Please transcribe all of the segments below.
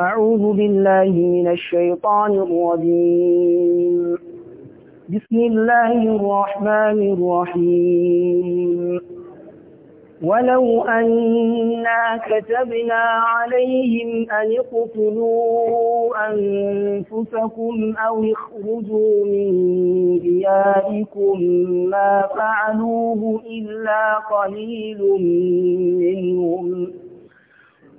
أعوذ بالله من الشيطان الرجيم بسم الله الرحمن الرحيم ولو أنا كتبنا عليهم أن اقتلوا أنفسكم أو اخرجوا من دياركم ما فعلوه إلا قليل منهم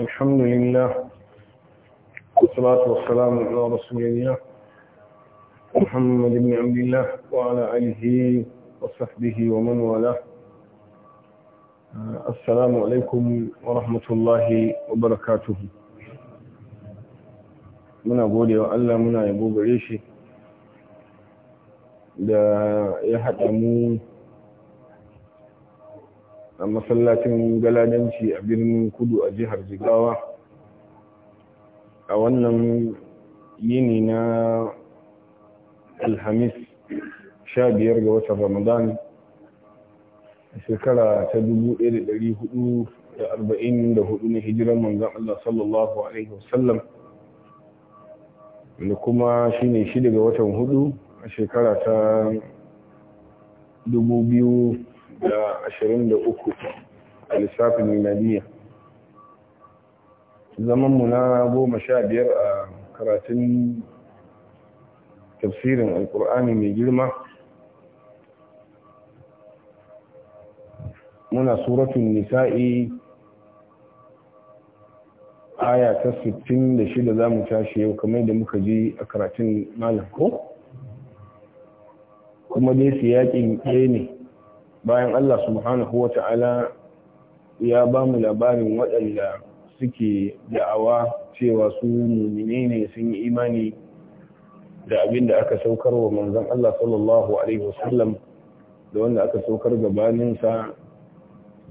الحمد لله والصلاة والسلام على رسول الله محمد بن عبد الله وعلى آله وصحبه ومن والاه السلام عليكم ورحمة الله وبركاته muna gode wa Allah muna yabo gare shi da ya haɗa mu a masallacin galadanci a birnin kudu a jihar jigawa a wannan yini na alhamis sha biyar ga watan ramadan shekara ta dubu ɗaya da ɗari hudu da arba'in da hudu na hijiran manzan Allah sallallahu alaihi wasallam da kuma shi ne shi daga watan hudu a shekara ta dubu biyu da ashirin da uku a lissafin miladiya zamanmu na goma sha biyar a karatun tafsirin alkur'ani mai girma muna suratun nisa'i aya ta 66 za mu tashi yau kamar da muka ji a karatun malam kuma dai su yaƙin ɗaya ne bayan Allah subhanahu wa ta'ala ya ba mu labarin waɗanda suke da'awa cewa su mummine ne sun yi imani da abin da aka saukar wa manzan Allah sallallahu Alaihi wasallam da wanda aka saukar gabaninsa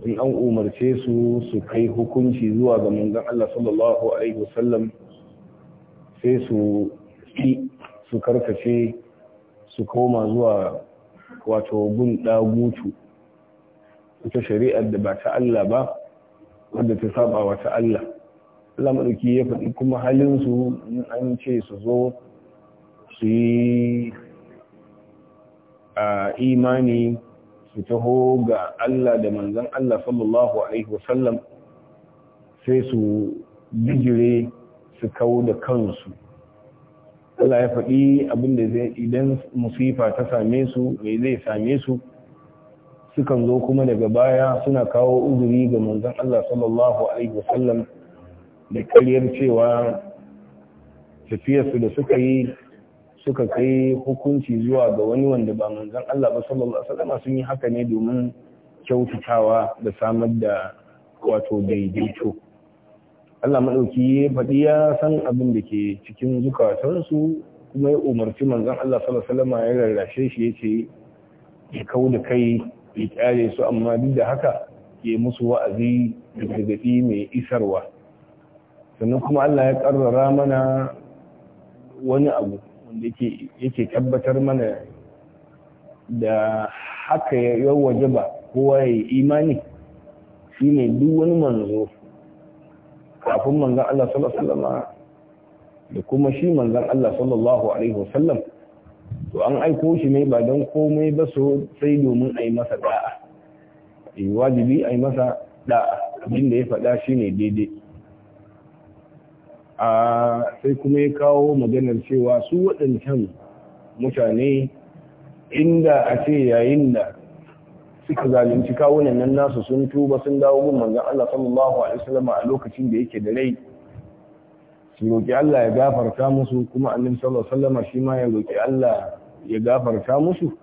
in an umarce su su kai hukunci zuwa ga manzan Allah sallallahu Alaihi wasallam sai su fi su karkace su koma zuwa wato gun ɗagutu wata shari'ar da ba ta Allah ba wadda ta saba wa ta Allah Allah maɗauki ya faɗi kuma halin su an ce su zo su yi a imani su taho ga Allah da manzan Allah sallallahu alaihi wasallam sai su bijire su kawo da kansu Allah ya faɗi abinda zai idan musifa ta same su mai zai same su sukan zo kuma daga baya suna kawo uzuri ga manzon Allah sallallahu alaihi wasallam da karyar cewa tafiyarsu da suka yi suka kai hukunci zuwa ga wani wanda ba manzon Allah ba sallallahu alaihi wasallam sun yi haka ne domin kyautatawa da samar da wato daidaito Allah maɗauki ya faɗi ya san abin da ke cikin zukatansu kuma ya umarci manzon Allah sallallahu alaihi wasallam ya rarrashe shi yace ya kau da kai ya kyale su amma duk da haka ke musu wa'azi da gargaɗi mai isarwa sannan kuma Allah ya ƙarrara mana wani abu wanda yake tabbatar mana da haka ya waje ba kowa ya yi imani shi ne duk wani manzo kafin manzan Allah sallallahu da kuma shi manzan Allah sallallahu alaihi wasallam to an aiko shi ne ba don komai ba so sai domin a yi masa da'a yi eh, wajibi a yi masa da'a abin da ya faɗa shi ne daidai a sai kuma ya kawo maganar cewa su waɗancan mutane inda a ce yayin da suka zalunci kawunan nan nasu sun tuba sun dawo gun manzan Allah sallallahu alaihi wasallam a lokacin da yake da rai su roƙi Allah ya gafarta musu kuma annin sallallahu alaihi wasallam shi ma ya roki Allah ya gafarta musu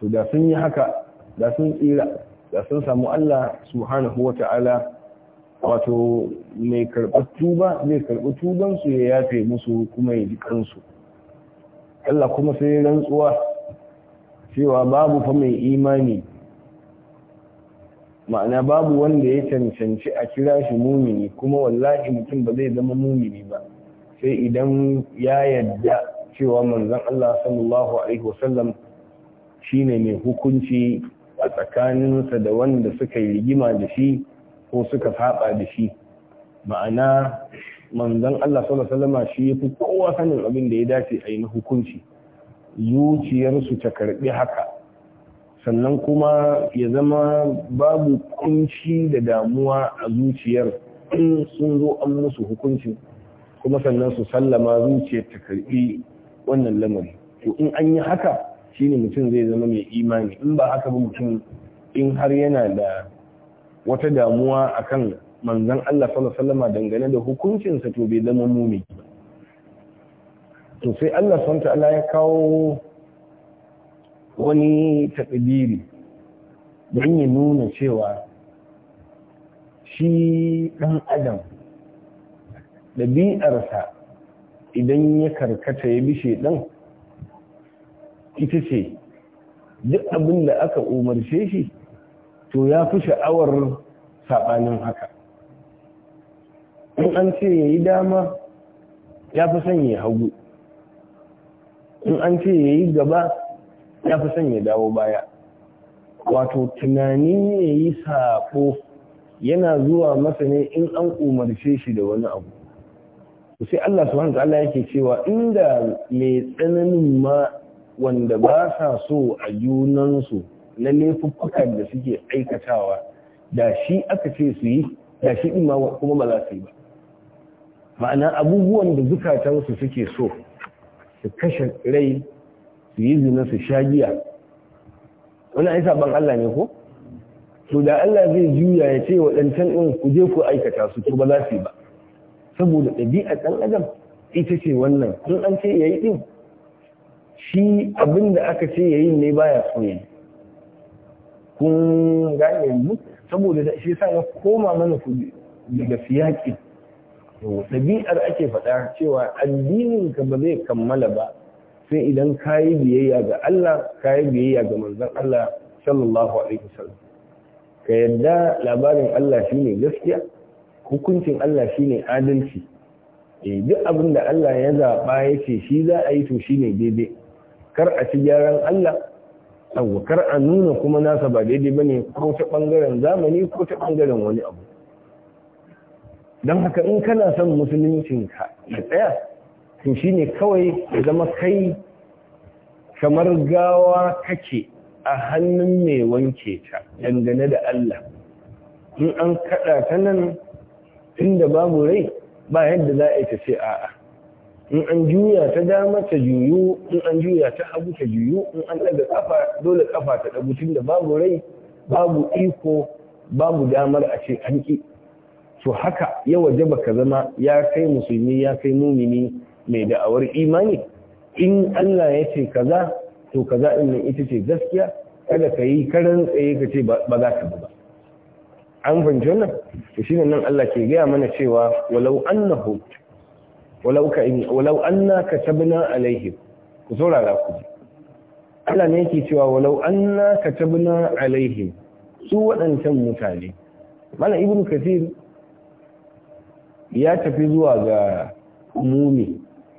to da sun yi haka da sun tsira da sun samu Allah subhanahu wa wato mai karɓar tuba zai karɓi tubansu ya yafe musu kuma ya ji kansu Allah kuma sai rantsuwa cewa babu fa mai imani ma'ana babu wanda ya cancanci a kira shi mumini kuma wallahi mutum ba zai zama mumini ba sai idan ya yadda cewa manzan Allah sallallahu alaihi wasallam shine mai hukunci a tsakaninsa da wanda suka yi rigima da shi ko suka saba da shi ma'ana manzon Allah sallallahu alaihi wasallam shi ya fi kowa sanin abin da ya dace a yi na hukunci zuciyarsu ta karbi haka sannan kuma ya zama babu kunci da damuwa a zuciyar in sun zo an musu hukunci kuma sannan su sallama zuciyar ta karbi wannan lamari to in an yi haka ne mutum zai zama mai imani in ba haka ba mutum in har yana da wata damuwa akan manzon Allah sallallahu alaihi dangane da hukuncinsa to bai zama mumi to sai Allah subhanahu ta'ala ya kawo wani takdiri don ya nuna cewa shi ɗan adam dabi'arsa. idan ya karkata ya bi ɗan ita ce duk abin da aka umarce shi to ya fi sha'awar saɓanin haka in an ce ya yi dama ya fi son ya hagu in an ce ya yi gaba ya fi son ya dawo baya wato tunani ya yi saɓo yana zuwa masa ne in an umarce shi da wani abu sai Allah subhanahu ta'ala yake cewa inda mai tsananin ma wanda ba sa so a junansu na laifukan da suke aikatawa da shi aka ce su yi da shi ɗin kuma ba za su yi ba ma'ana abubuwan da zukatansu suke so su kashe rai su yi zina su sha giya wani ai saban Allah ne ko to da Allah zai juya ya ce waɗancan ɗin ku je ku aikata su ba za su yi ba saboda ɗabi'a ɗan adam ita ce wannan in an ce ya yi ɗin, shi abin da aka ce ya yi ne baya so kun gane yanzu saboda da shi sa ya koma mana ku daga siyaki ɗabi'ar ake faɗa cewa addinin ka ba zai kammala ba sai idan ka yi biyayya ga Allah ka yi biyayya ga manzon Allah sallallahu alaihi wasallam ka yadda labarin Allah shi shine gaskiya hukuncin Allah shine adalci eh duk abin da Allah ya zaɓa ya ce shi za a yi to shi ne daidai kar a ci gyaran Allah abu kar a nuna kuma nasa ba daidai ba ne ko ta ɓangaren zamani ko ta ɓangaren wani abu don haka in kana son ka ya tsaya to ne kawai ya zama kai kamar gawa kake a hannun mai wanke ta dangane da Allah in an kaɗa ta nan Tunda babu rai ba yadda za a yi ta ce a'a in an juya ta dama ta juyu in an juya ta hagu ta juyu in an ɗaga kafa dole kafa ta ɗagu Tunda babu rai babu iko babu damar a ce an ƙi to haka ya waje baka zama ya kai musulmi ya kai mumini mai da'awar imani in Allah ya ce kaza to kaza in nan ita ce gaskiya kada ka yi karan tsaye ka ce ba za ka ba an fahimci wannan to shine nan Allah ke gaya mana cewa walau annahu walau ka in walau anna katabna alaihim ku saurara ku Allah ne yake cewa walau anna katabna alaihim su waɗancan mutane mana ibnu kathir ya tafi zuwa ga umumi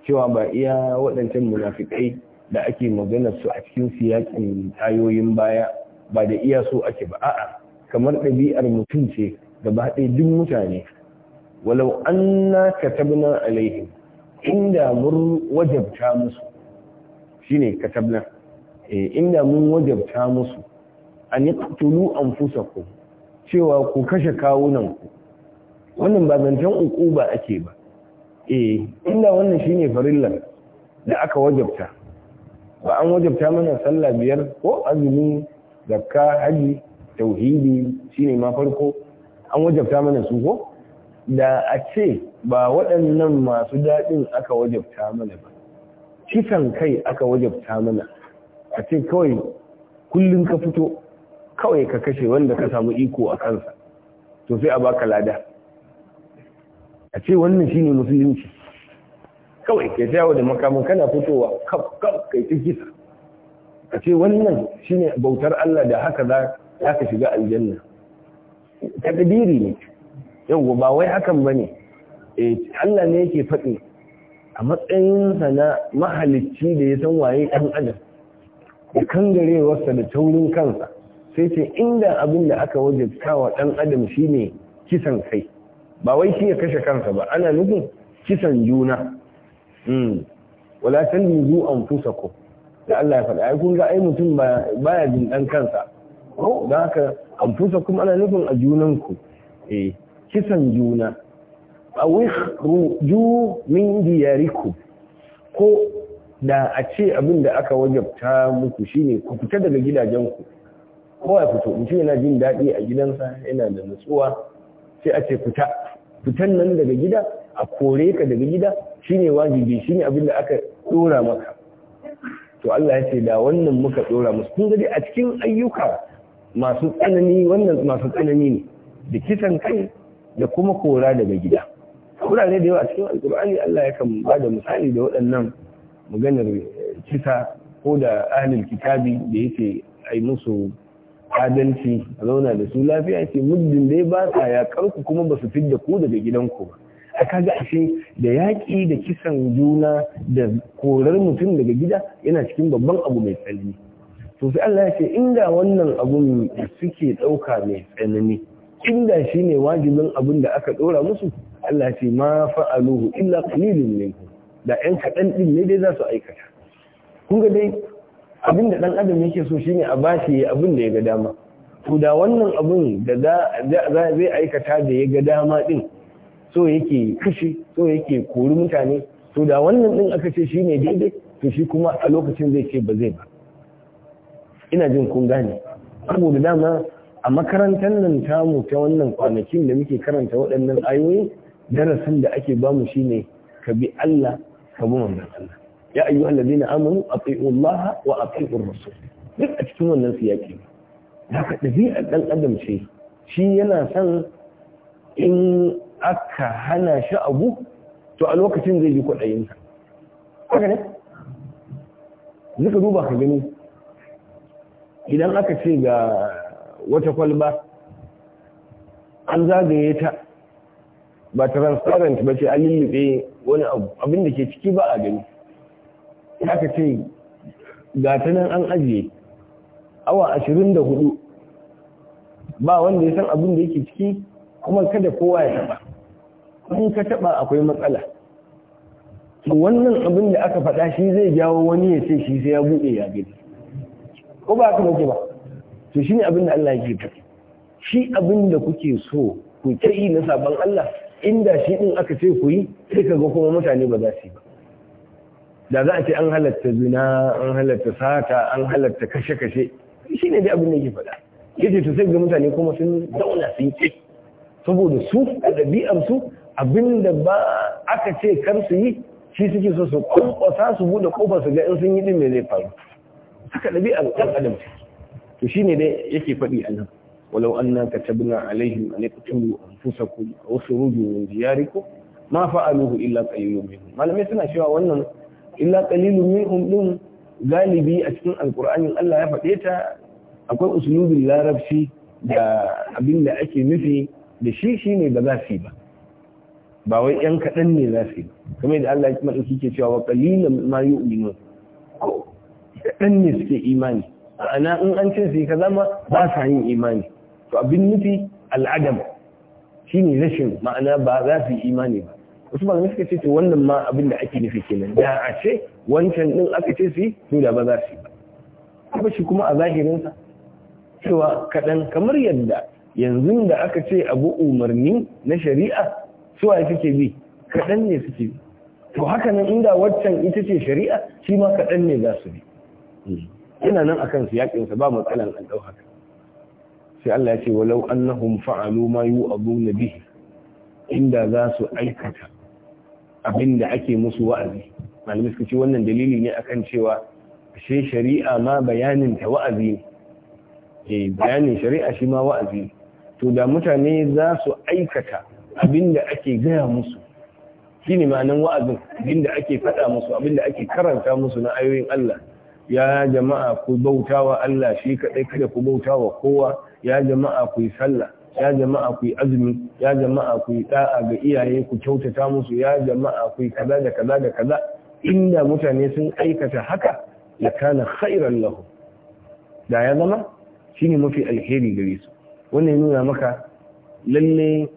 cewa ba iya waɗancan munafikai da ake magana su a cikin siyakin ayoyin baya ba da iya so ake ba a'a kamar ɗabi'ar mutum ce gaba ɗaya duk mutane walau anna katabna alaihim inda mun wajabta musu shi ne Katabnan. Eh, inda mun wajabta musu an fusa ku. cewa ku kashe kawunanku wannan ba zancen ba ake ba eh, inda wannan shi ne farillar da aka wajabta ba an wajabta mana sallah biyar ko azumi zakka haji tauhidi shine ma farko an wajabta mana su ko da a ce ba waɗannan masu daɗin aka wajabta mana ba kisan kai aka wajabta mana a ce kawai kullum ka fito kawai ka kashe wanda ka samu iko a kansa to sai a baka lada a ce wannan shine musulunci kawai ke tsayawa da makamin kana fitowa kaf kaf kai ta kisa a ce wannan shi ne bautar Allah da haka za za ka shiga aljanna takdiri ne yau ba wai hakan bane eh Allah ne yake faɗi a matsayin sa na mahalicci da ya san waye ɗan adam da sa da taurin kansa sai ce inda abin da aka wajabta wa ɗan adam shine kisan kai ba wai shi ya kashe kansa ba ana nufin kisan juna hmm. wala tanzu anfusakum da Allah ya faɗa ai kun ga ai mutum ba baya jin dan kansa ko da haka amfusa kuma ana nufin a junanku eh kisan juna a ju min diyariku ko da a ce abin da aka wajabta muku shine ku fita daga gidajenku ko ya fito ce yana jin daɗi a gidansa yana da nutsuwa sai a ce fita fitan nan daga gida a kore ka daga gida shine wajibi shine abin da aka dora maka to Allah ya ce da wannan muka dora musu kun ga a cikin ayyuka masu tsanani wannan masu tsanani ne da kisan kai da kuma kora daga gida wurare da yawa cikin alkur'ani Allah ya kan ba da misali da waɗannan maganar eh, kisa ko da ahlul kitabi da yake ai musu adalci a zauna da su lafiya ce muddin dai ba sa ya karku kuma ba su fidda ku daga gidanku ba a kaga ashe da yaƙi da kisan juna da korar mutum daga gida yana cikin babban abu mai tsanani to sai Allah ya ce inda wannan abun suke ɗauka mai tsanani inda shine wajibin abin da aka ɗora musu Allah ce ma fa'aluhu illa qalilun minhu da ɗan kaɗan ɗin ne dai za su aikata kun ga dai abin da ɗan adam yake so shine a bashi abin da ya ga dama to da wannan abun da za zai aikata da ya ga dama ɗin so yake kushi, so yake kori mutane to da wannan din aka ce shine daidai to shi kuma a lokacin zai ce ba zai ba ina jin kun gane saboda dama a makarantar nan tamu ta wannan kwanakin da muke karanta waɗannan ayoyi darasin da ake bamu shine ka bi Allah ka bi manzon Allah ya ayyuhal allazina amanu atiiu Allah wa atiiur rasul duk a cikin wannan siyaki haka ɗabi'ar ɗan adam ce shi yana san in aka hana shi abu to a lokacin zai yi kwaɗayinsa haka ne Zaka duba ka gani idan aka ce ga wata kwalba an zagaye ta ba transparent ba ce an lullube wani abin da ke ciki ba a gani aka ce ga ta nan an ajiye awa ashirin da hudu ba wanda ya san abin da yake ciki kuma kada kowa ya taba in ka taba akwai matsala wannan abin da aka faɗa shi zai jawo wani ya ce shi sai ya buɗe ya gani ko ba haka nake ba to shine abin da Allah yake ta shi abin da kuke so ku na sabon Allah inda shi din aka ce ku yi sai ka ga kuma mutane ba za su yi ba da za a ce an halatta zina an halatta sata an halatta kashe-kashe shi ne dai abin da yake faɗa yace to sai ga mutane kuma sun zauna sun ce saboda su a ɗabi'ar su abin da ba aka ce kar su yi shi suke so su kwankwasa su buɗe kofar su ga in sun yi din me zai faru haka ɗabi'ar ɗan adam to shi ne dai yake faɗi a nan walau anna wa alaihim ku a wasu rubu khuruju min ko ma fa'aluhu illa qalilun minhum malamai suna cewa wannan illa qalilun minhum ɗin galibi a cikin alƙur'anin Allah ya faɗe ta akwai usulubin larabci da abin da ake nufi da shi shine ba za su yi ba ba wai yan kaɗan ne za su yi kamar da Allah ya ke cewa wa qalilan ma kaɗan ne suke imani ma'ana in an ce su yi kaza ma ba sa yin imani to abin nufi al'adam shine rashin ma'ana ba za su yi imani ba wasu malamai suka ce to wannan ma abin da ake nufi kenan da a ce wancan din aka ce su yi to da ba za su yi ba kuma shi kuma a zahirinsa cewa kaɗan kamar yadda yanzu da aka ce abu umarni na shari'a suwa suke bi kaɗan ne suke bi to haka nan inda waccan ita ce shari'a shi ma kaɗan ne za su bi yana nan akan sa ba matsalan an ɗau haka sai Allah ya ce walau annahum fa'alu ma yu'aduna bihi inda za su aikata abinda ake musu wa'azi malamai suka ce wannan dalili ne akan cewa ashe shari'a ma bayanin ta wa'azi ne eh bayanin shari'a shi ma wa'azi to da mutane za su aikata abinda ake gaya musu shine ma'anan wa'azin abinda ake faɗa musu abinda ake karanta musu na ayoyin Allah ya jama'a ku bautawa Allah shi kaɗai, kada ku bautawa kowa ya jama'a ku yi sallah ya jama'a ku yi azumi ya jama'a ku yi da'a ga iyaye ku kyautata musu ya jama'a ku yi kaza da kaza da kaza inda mutane sun aikata haka ya kana khairan lahu da ya zama shine mafi alheri gare su wannan ya nuna maka lalle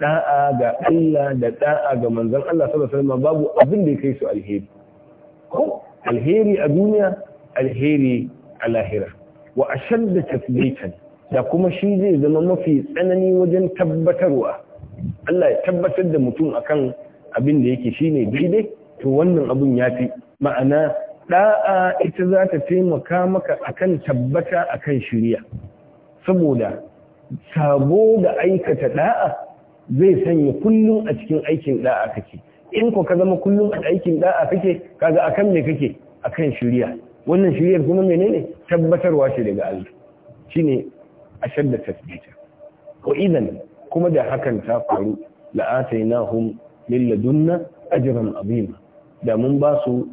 da'a ga Allah da da'a ga manzon Allah sallallahu alaihi wasallam babu abin da ya kai su alheri ko alheri a duniya alheri a lahira wa ashadda tasbitan da kuma shi zai zama mafi tsanani wajen tabbatarwa Allah ya tabbatar da mutum akan abin da yake shi ne daidai to wannan abun fi. ma'ana da'a ita za ta taimaka maka akan tabbata akan shirya. saboda sabo da aikata da'a zai sanya kullum a cikin aikin da'a kake in ko ka zama kullum a aikin da'a kake kaga akan me kake akan shirya. wannan shiriyar kuma menene tabbatarwa ce daga Allah shine a shadda tasbita Ko idan kuma da hakan ta faru atainahum min ladunna ajran azim da mun ba su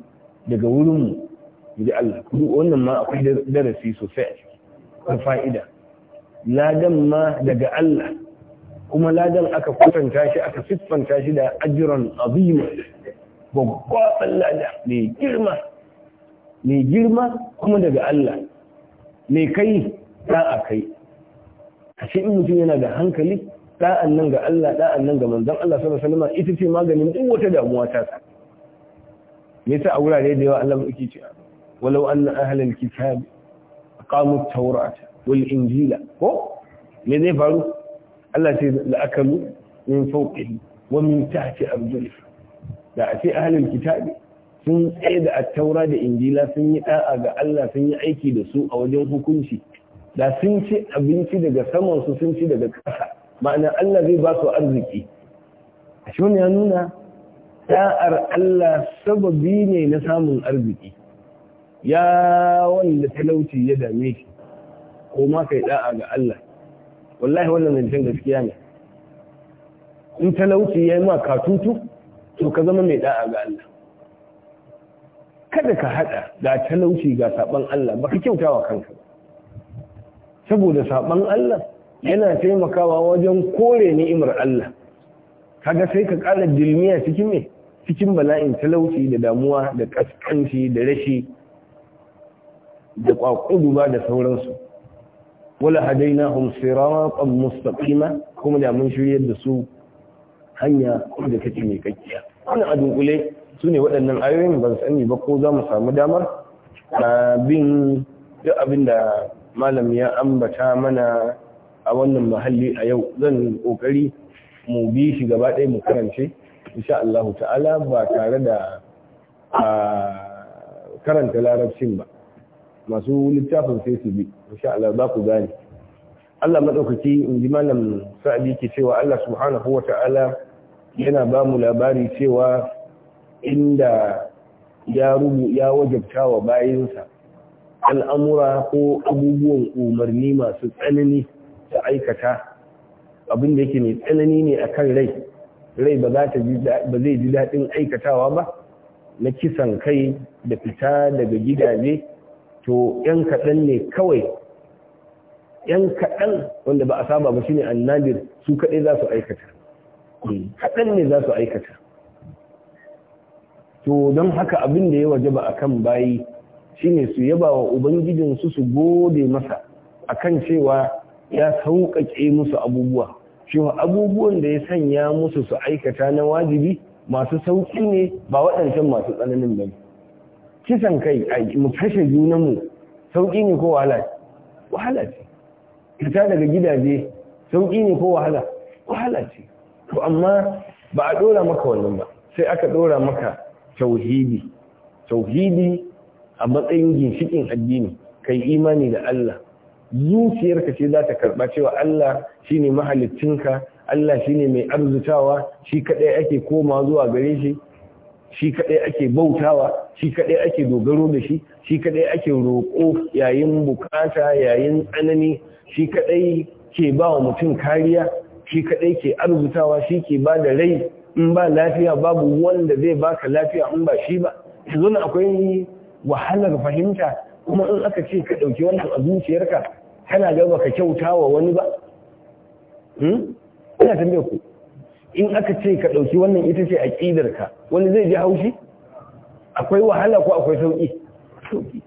daga wurin mu da Allah wannan ma akwai darasi sosai a fa'ida ladan ma daga Allah kuma ladan aka kwatanta shi aka siffanta shi da ajiran azima gwaggwaban lada mai girma mai girma kuma daga Allah mai kai a kai a ce in mutum yana da hankali da'an nan ga Allah da'an nan ga manzon Allah sallallahu alaihi wasallam ita ce maganin duk wata damuwa ta sa me yasa a wurare da yawa Allah yake cewa walau anna ahlal kitab aqamu at-taurata wal injila ko me zai faru Allah ce la'akalu min fawqihi wa min tahti arjulih da a ce ahlul kitabi sun tsaye da attaura da injila sun yi da'a ga Allah sun yi aiki da su a wajen hukunci da sun ci abinci daga saman su sun ci daga ƙasa ma'ana Allah zai ba su arziki a shi ya nuna da'ar Allah sababi ne na samun arziki ya wanda talauci ya dame shi ko ma kai da'a ga Allah wallahi wannan zancen gaskiya ne in talauci ya yi ma katutu to ka zama mai da'a ga Allah kada ka hada ga talauci ga saban Allah baka kyautawa kanka saboda saban Allah yana taimakawa wajen kore ni'imar Allah kaga sai ka kara dilmiya cikin me cikin bala'in talauci da damuwa da kaskanci da rashi da kwakudu da sauransu wala hum siratan mustaqima kuma da mun shiryar da su hanya da take mai kakkiya wannan adunkule su ne waɗannan ayoyin ban sani ba ko za mu samu damar bin duk abin da malam ya ambata mana a wannan mahalli a yau zan kokari mu bi shi gaba ɗaya mu karance insha Allah ta'ala ba tare da karanta larabcin ba masu littafin sai su bi insha Allah za ku gane Allah madaukaki in ji malam sa'adi ke cewa Allah subhanahu wata'ala yana ba mu labari cewa inda ya rubu ya wajabta wa bayinsa al'amura ko abubuwan umarni masu tsanani da aikata abin da yake mai tsanani ne akan rai rai ba za ta ba zai ji daɗin aikatawa ba na kisan kai da fita daga gidaje to ‘yan kaɗan ne kawai ‘yan kaɗan wanda ba a saba ba shine annabir su kaɗai za su aikata hmm, kaɗan ne za su aikata to don haka abin da ya waje ba a kan bayi shine su yaba wa ubangijinsu su gode masa a kan cewa ya sauƙaƙe musu abubuwa cewa abubuwan da ya sanya musu su aikata na wajibi masu sauƙi ne ba waɗancan masu tsananin ba ne kisan kai mu kashe junanmu sauƙi ne ko wahala wahala ce fita daga gidaje sauƙi ne ko wahala wahala ce to amma ba a ɗora maka wannan ba sai aka ɗora maka tauhidi tauhidi a matsayin ginshikin addini kai imani da Allah zuciyarka ce za ta karɓa cewa Allah shine mahalittinka Allah shine mai arzutawa shi kaɗai ake komawa zuwa gare shi shi kaɗai ake bautawa shi kaɗai ake dogaro da shi shi kaɗai ake roƙo yayin bukata yayin tsanani shi kaɗai ke ba wa mutum kariya shi kaɗai ke arzutawa shi ke ba da rai in ba lafiya babu wanda zai baka lafiya in ba shi ba yanzu akwai wahalar fahimta kuma in aka ce ka ɗauki wannan a zuciyarka kana ga baka kyauta wa wani ba hmm? ina ku in aka ce ka ɗauki wannan ita ce a ka wani zai ji haushi akwai wahala ko akwai sauƙi sauƙi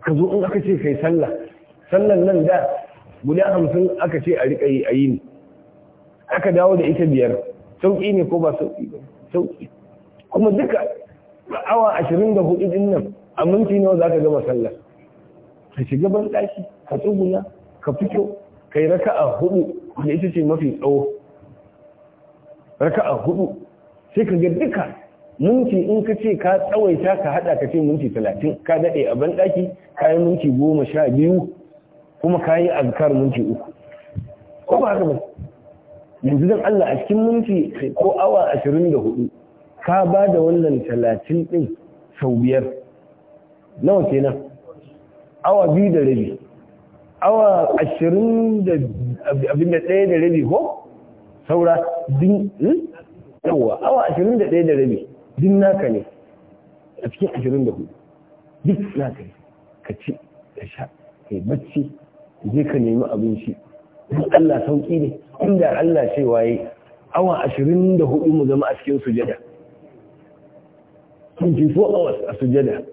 ka zo in aka ce kai sallah sallan nan da guda hamsin aka ce a riƙa yi a yi ne aka dawo da ita biyar sauƙi ne ko ba sauƙi ba sauƙi kuma duka awa ashirin da hudu din nan a minti nawa za ka gama sallah ka shiga ban ɗaki ka tsuguna ka fito raka raka'a hudu da ita ce mafi tsawo raka'a hudu sai ka ga duka minti in ka ce ka tsawaita ka hada ka ce minti talatin ka daɗe a banɗaki ka yi minti goma sha biyu kuma ka yi azkar minti uku ko ba haka ba yanzu don Allah a cikin minti ko awa ashirin da hudu ka ba da wannan talatin ɗin sau biyar nawa kenan awa biyu da rabi awa ashirin da abin da ɗaya da rabi ko saura din hmm? yawa awa ashirin da ɗaya da rabi din naka ne a cikin ashirin da hudu duk naka ne ka ci ka sha ka yi bacci je ka nemi abinci duk Allah sauƙi ne inda Allah ce waye awa ashirin da hudu mu zama a cikin sujada sun fi so awa a sujada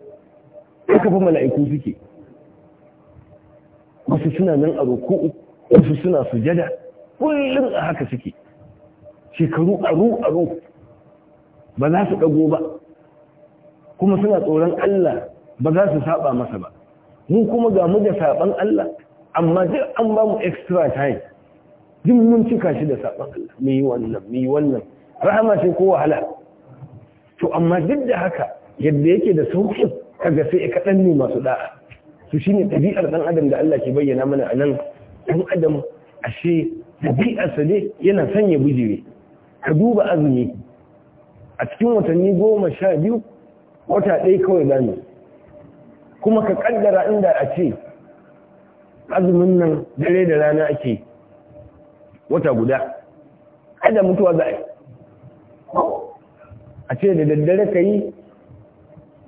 ya kafa mala'iku suke wasu suna nan a ruku'u wasu suna sujada kullum a haka suke shekaru a aru ba za su ɗago ba kuma suna tsoron Allah ba za su saba masa ba mu kuma ga mu da saban Allah amma duk an ba mu extra time duk mun cika shi da saban Allah mu yi wannan mu yi wannan rahama sai ko wahala to amma duk da haka yadda yake da sauƙin kaga sai ka dan ne masu da'a su shine ɗabi'ar dan adam da Allah ke bayyana mana a nan dan adam ashe sa ne yana sanya bijire ka duba azumi a cikin watanni goma sha biyu wata ɗaya kawai gani kuma ka kaddara inda a ce azumin nan dare da rana ake wata guda kada mutuwa za a yi a ce da daddare ka yi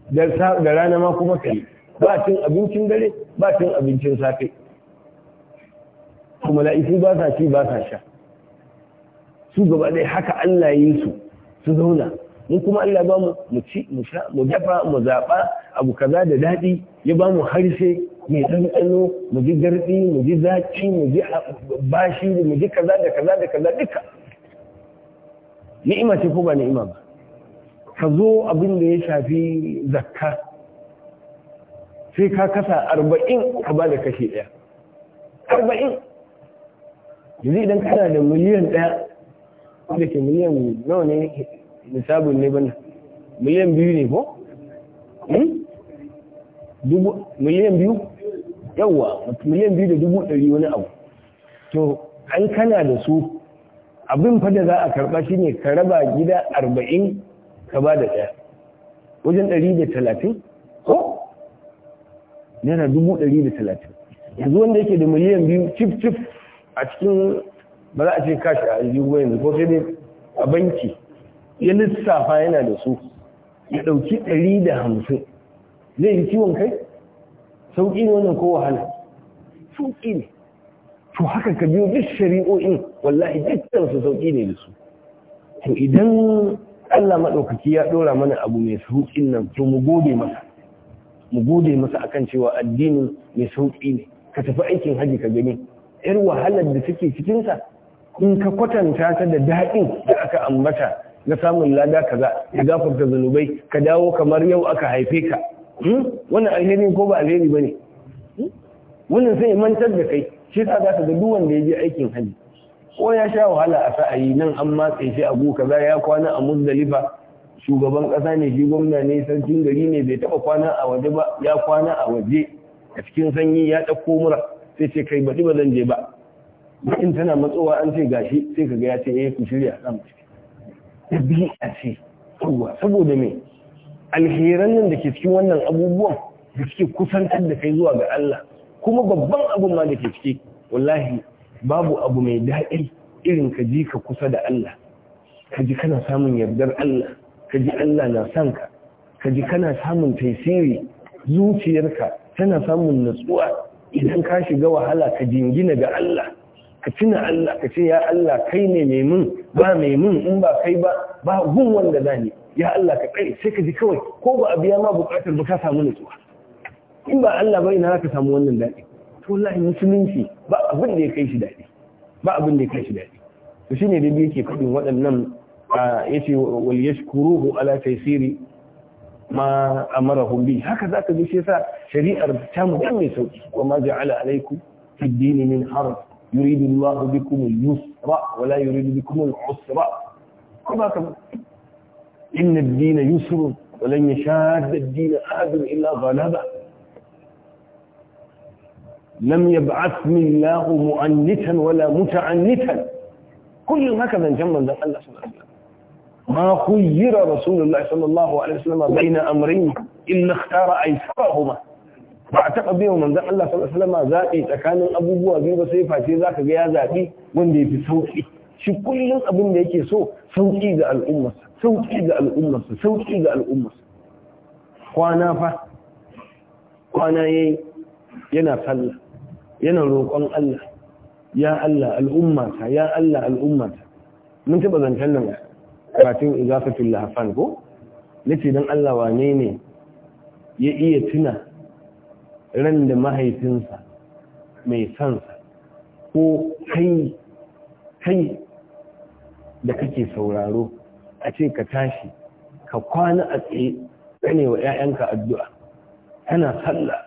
da rana ma kuma ka yi ba cin abincin dare ba cin abincin safe kuma laifin ba sa ci ba sa sha su gaba ɗaya haka Allah yi su su zauna mun kuma Allah ba mu ci mu sha mu dafa mu zaɓa abu kaza da daɗi ya ba mu harshe mai ɗanɗano mu ji garɗi mu ji zaci mu ji bashi mu ji kaza da kaza da kaza duka ni'ima ce ko ba ni'ima ba ka zo abin da ya shafi zakka sai ka kasa arba'in ka ba da kashi ɗaya arba'in yanzu idan kana da miliyan ɗaya wanda ke miliyan nawa ne nisabin ne bane miliyan biyu ne ko hmm? dubu miliyan biyu yawa miliyan biyu da dubu ɗari wani abu to an kana da su abin fa da za a karɓa ne ka raba gida arba'in ka ba da ɗaya wajen ɗari da talatin ko naira dubu ɗari da talatin yanzu wanda yake da miliyan biyu cif cif a cikin ba za a ce kashi a yiwuwa yanzu ko sai dai a banki ya lissafa yana da su ya ɗauki ɗari da hamsin zai yi ciwon kai sauƙi ne wannan ko wahala sauƙi ne to haka ka biyo duk shari'o'in wallahi dukkan su sauƙi ne da su to idan Allah maɗaukaki ya ɗora mana abu mai sauƙin nan to mu gode masa mu gode masa akan cewa addinin mai sauƙi ne ka tafi aikin haji ka gani yar wahalar da take cikinsa in ka kwatanta ta da daɗin da aka ambata na samun lada kaza ya gafarta zunubai ka dawo kamar yau aka haife ka hmm? wannan alheri ko ba alheri ba ne hmm? wannan sai mantar da kai shi sa za ka ga duk wanda ya je aikin hajji ko ya sha wahala a sa'ayi nan an matse shi a guka za ya kwana a muzdalifa shugaban kasa ne shi gwamna ne sarkin gari ne bai taba kwana a waje ba ya kwana a waje a cikin sanyi ya ɗauko mura sai ce kai baɗi ba zan je ba in tana matsowa an ce gashi sai ka ga ya ce ya eh, ku shirya za da tafi ɗabi'a ce kowa saboda me alheran nan da ke cikin wannan abubuwan da suke kusantar da kai zuwa ga Allah kuma babban abun ma da ke ciki wallahi babu abu mai daɗi irin ka ji ka kusa da Allah ka ji kana samun yardar Allah ka ji Allah na son ka ka ji kana samun taisiri zuciyarka tana samun natsuwa idan ka shiga wahala ka jingina ga Allah ka tuna Allah ka ce ya Allah kai ne mai mun ba mai mun in ba kai ba ba gun wanda zani ya Allah ka kai sai ka ji kawai ko ba a biya ma bukatar ba ka samu nutsuwa in ba Allah ba ina ka samu wannan daɗi to wallahi musulunci ba abin da ya kai shi daɗi ba abin da ya kai shi daɗi to shine da yake faɗin waɗannan yace wal yashkuruhu ala taysiri ma amarahum bi haka zaka ji shi yasa shari'ar ta mu dan mai sauki wa ma ja'ala alaikum fi dini min haraj يريد الله بكم اليسر ولا يريد بكم العسر كما كما إن الدين يسر ولن يشاد الدين أحد إلا غلبه لم يبعثني الله مؤنثا ولا متعنتا كل هكذا جمع ذا الله صلى الله عليه وسلم ما خير رسول الله صلى الله عليه وسلم بين أمرين إلا اختار أيسرهما ba a taɓa biyan manzan Allah sallallahu alaihi wasallam zaɓi tsakanin abubuwa biyu ba sai face ka ga ya zaɓi wanda ya fi sauƙi. shi kullum abin da yake so sauƙi ga al'umma, sauƙi ga al'umma, sauƙi ga al'umma. kwana fa kwana yayi yana sallah yana roƙon Allah ya Allah al'ummata ya Allah al'ummata mun taɓa zancen nan katin igafatul lahafan ko nace dan Allah wane ne ya iya tuna ran da mahaifinsa mai sansa ko kai kai da kake sauraro a ce ka tashi ka kwana a tsaye kane wa 'ya'yanka addu'a kana sallah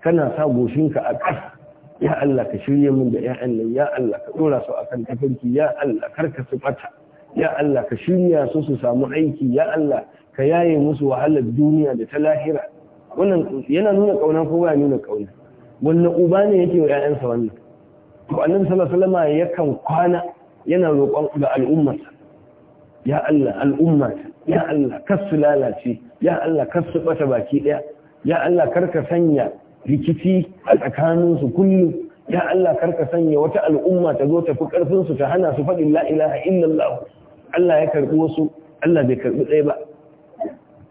kana sa goshinka a ƙasa ya Allah ka shirye min da 'ya'yan nan ya Allah ka ɗora su akan tafarki ya Allah karka su ɓata ya Allah ka shirya su su samu aiki ya Allah ka yaye musu wahalar duniya da ta lahira wannan yana nuna kauna ko ba nuna kauna wannan uba ne yake wa ƴaƴansa wannan to annabi sallallahu alaihi yakan kwana yana roƙon ga al'ummarsa ya Allah al'ummata ya Allah kar su lalace ya Allah kar su bata baki daya ya Allah kar ka sanya rikici a tsakanin su kullum ya Allah ka sanya wata al'umma ta zo tafi ƙarfinsu ta hana su faɗin la'ilaha illallah Allah ya karɓi wasu Allah bai karɓi ɗaya ba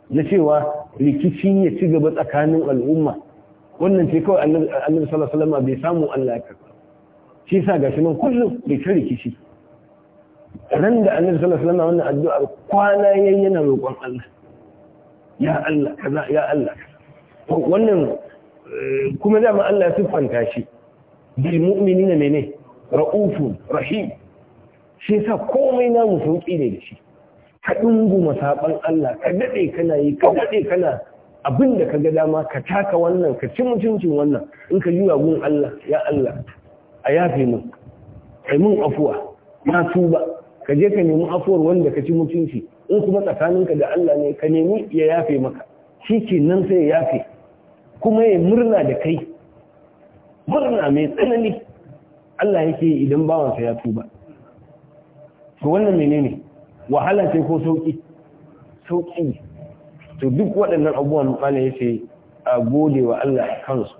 na cewa rikici ya ci gaba tsakanin al'umma wannan ce kawai annabi sallallahu alaihi bai samu Allah ya karba shi sa gashi nan kullum rikici rikici ran da annabi sallallahu alaihi wannan addu'ar kwana yayin yana roƙon Allah ya Allah kaza ya Allah wannan eh, kuma dama Allah ya siffanta shi bil mu'minina mene ra'ufun rahim shi sa komai namu sauki ne da shi ka dungu masaban Allah ka dade kana yi ka dade kana abin da ka ga dama ka taka wannan ka ci mutuncin wannan in ka juya gun Allah ya Allah a yafe mun kai mun afuwa na tuba ka je ka nemi afuwar wanda ka ci mutunci in kuma tsakaninka da Allah ne ka nemi ya yafe maka shi ke nan sai ya yafe kuma ya murna da kai murna mai tsanani Allah yake idan bawansa ya tuba to wannan menene wahala sai ko sauki sauƙi to duk waɗannan abubuwan mana ya ce a gode wa Allah kansu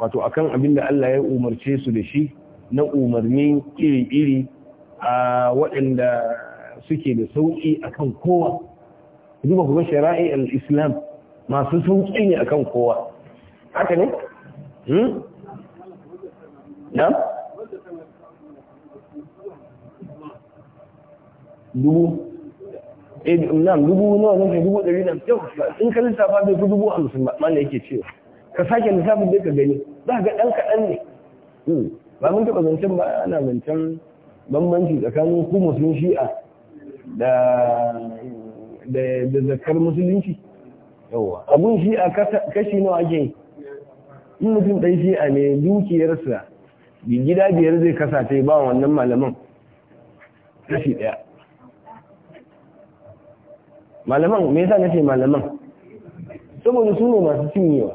wato a kan abin da Allah ya umarce su da shi na umarni iri-iri a waɗanda suke da sauƙi a kan kowa duba kuma shara'i al-islam masu sauƙi ne a kan kowa haka ne? Hmm? na? dubu eh, nan dubu nawa zan ne dubu ɗari nan yau in ka lissafa bai fi dubu hamsin ba mana yake cewa ka sake lissafin bai ka gani za ga ɗan kaɗan ne hmm, ba mun taɓa zancen ba ana zancen bambanci tsakanin ku musulun shi'a da da zakar musulunci yawa abun shi'a kashi nawa ake yi? in mutum ɗan shi'a ne dukiyarsa gida biyar zai kasa ta ba wannan malaman kashi ɗaya malaman me yasa nace malaman saboda su ne masu cinyewa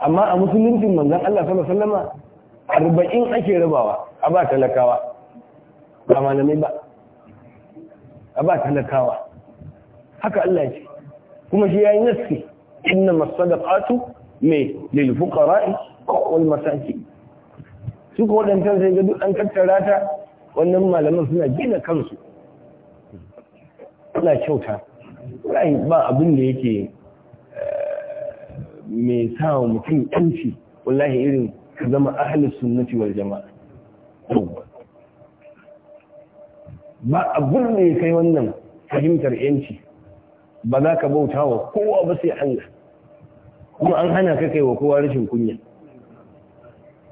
amma a musuluncin manzon Allah sallallahu alaihi wasallam arba'in ake rabawa a ba talakawa ba malamai ba a ba talakawa haka Allah ce kuma shi yayin naski inna masadaqatu me lil fuqara'i wal masakin su ko dan tantance ga duk an tattara ta wannan malaman suna gina kansu Allah kyauta rai ba abin da yake eh, mai sa mutum yanci wallahi irin ka zama ahlus sunnati wal jama'a ba abin da ya kai wannan fahimtar yanci ba za ka bauta wa kowa ba sai Allah kuma an hana ka kai wa kowa rashin kunya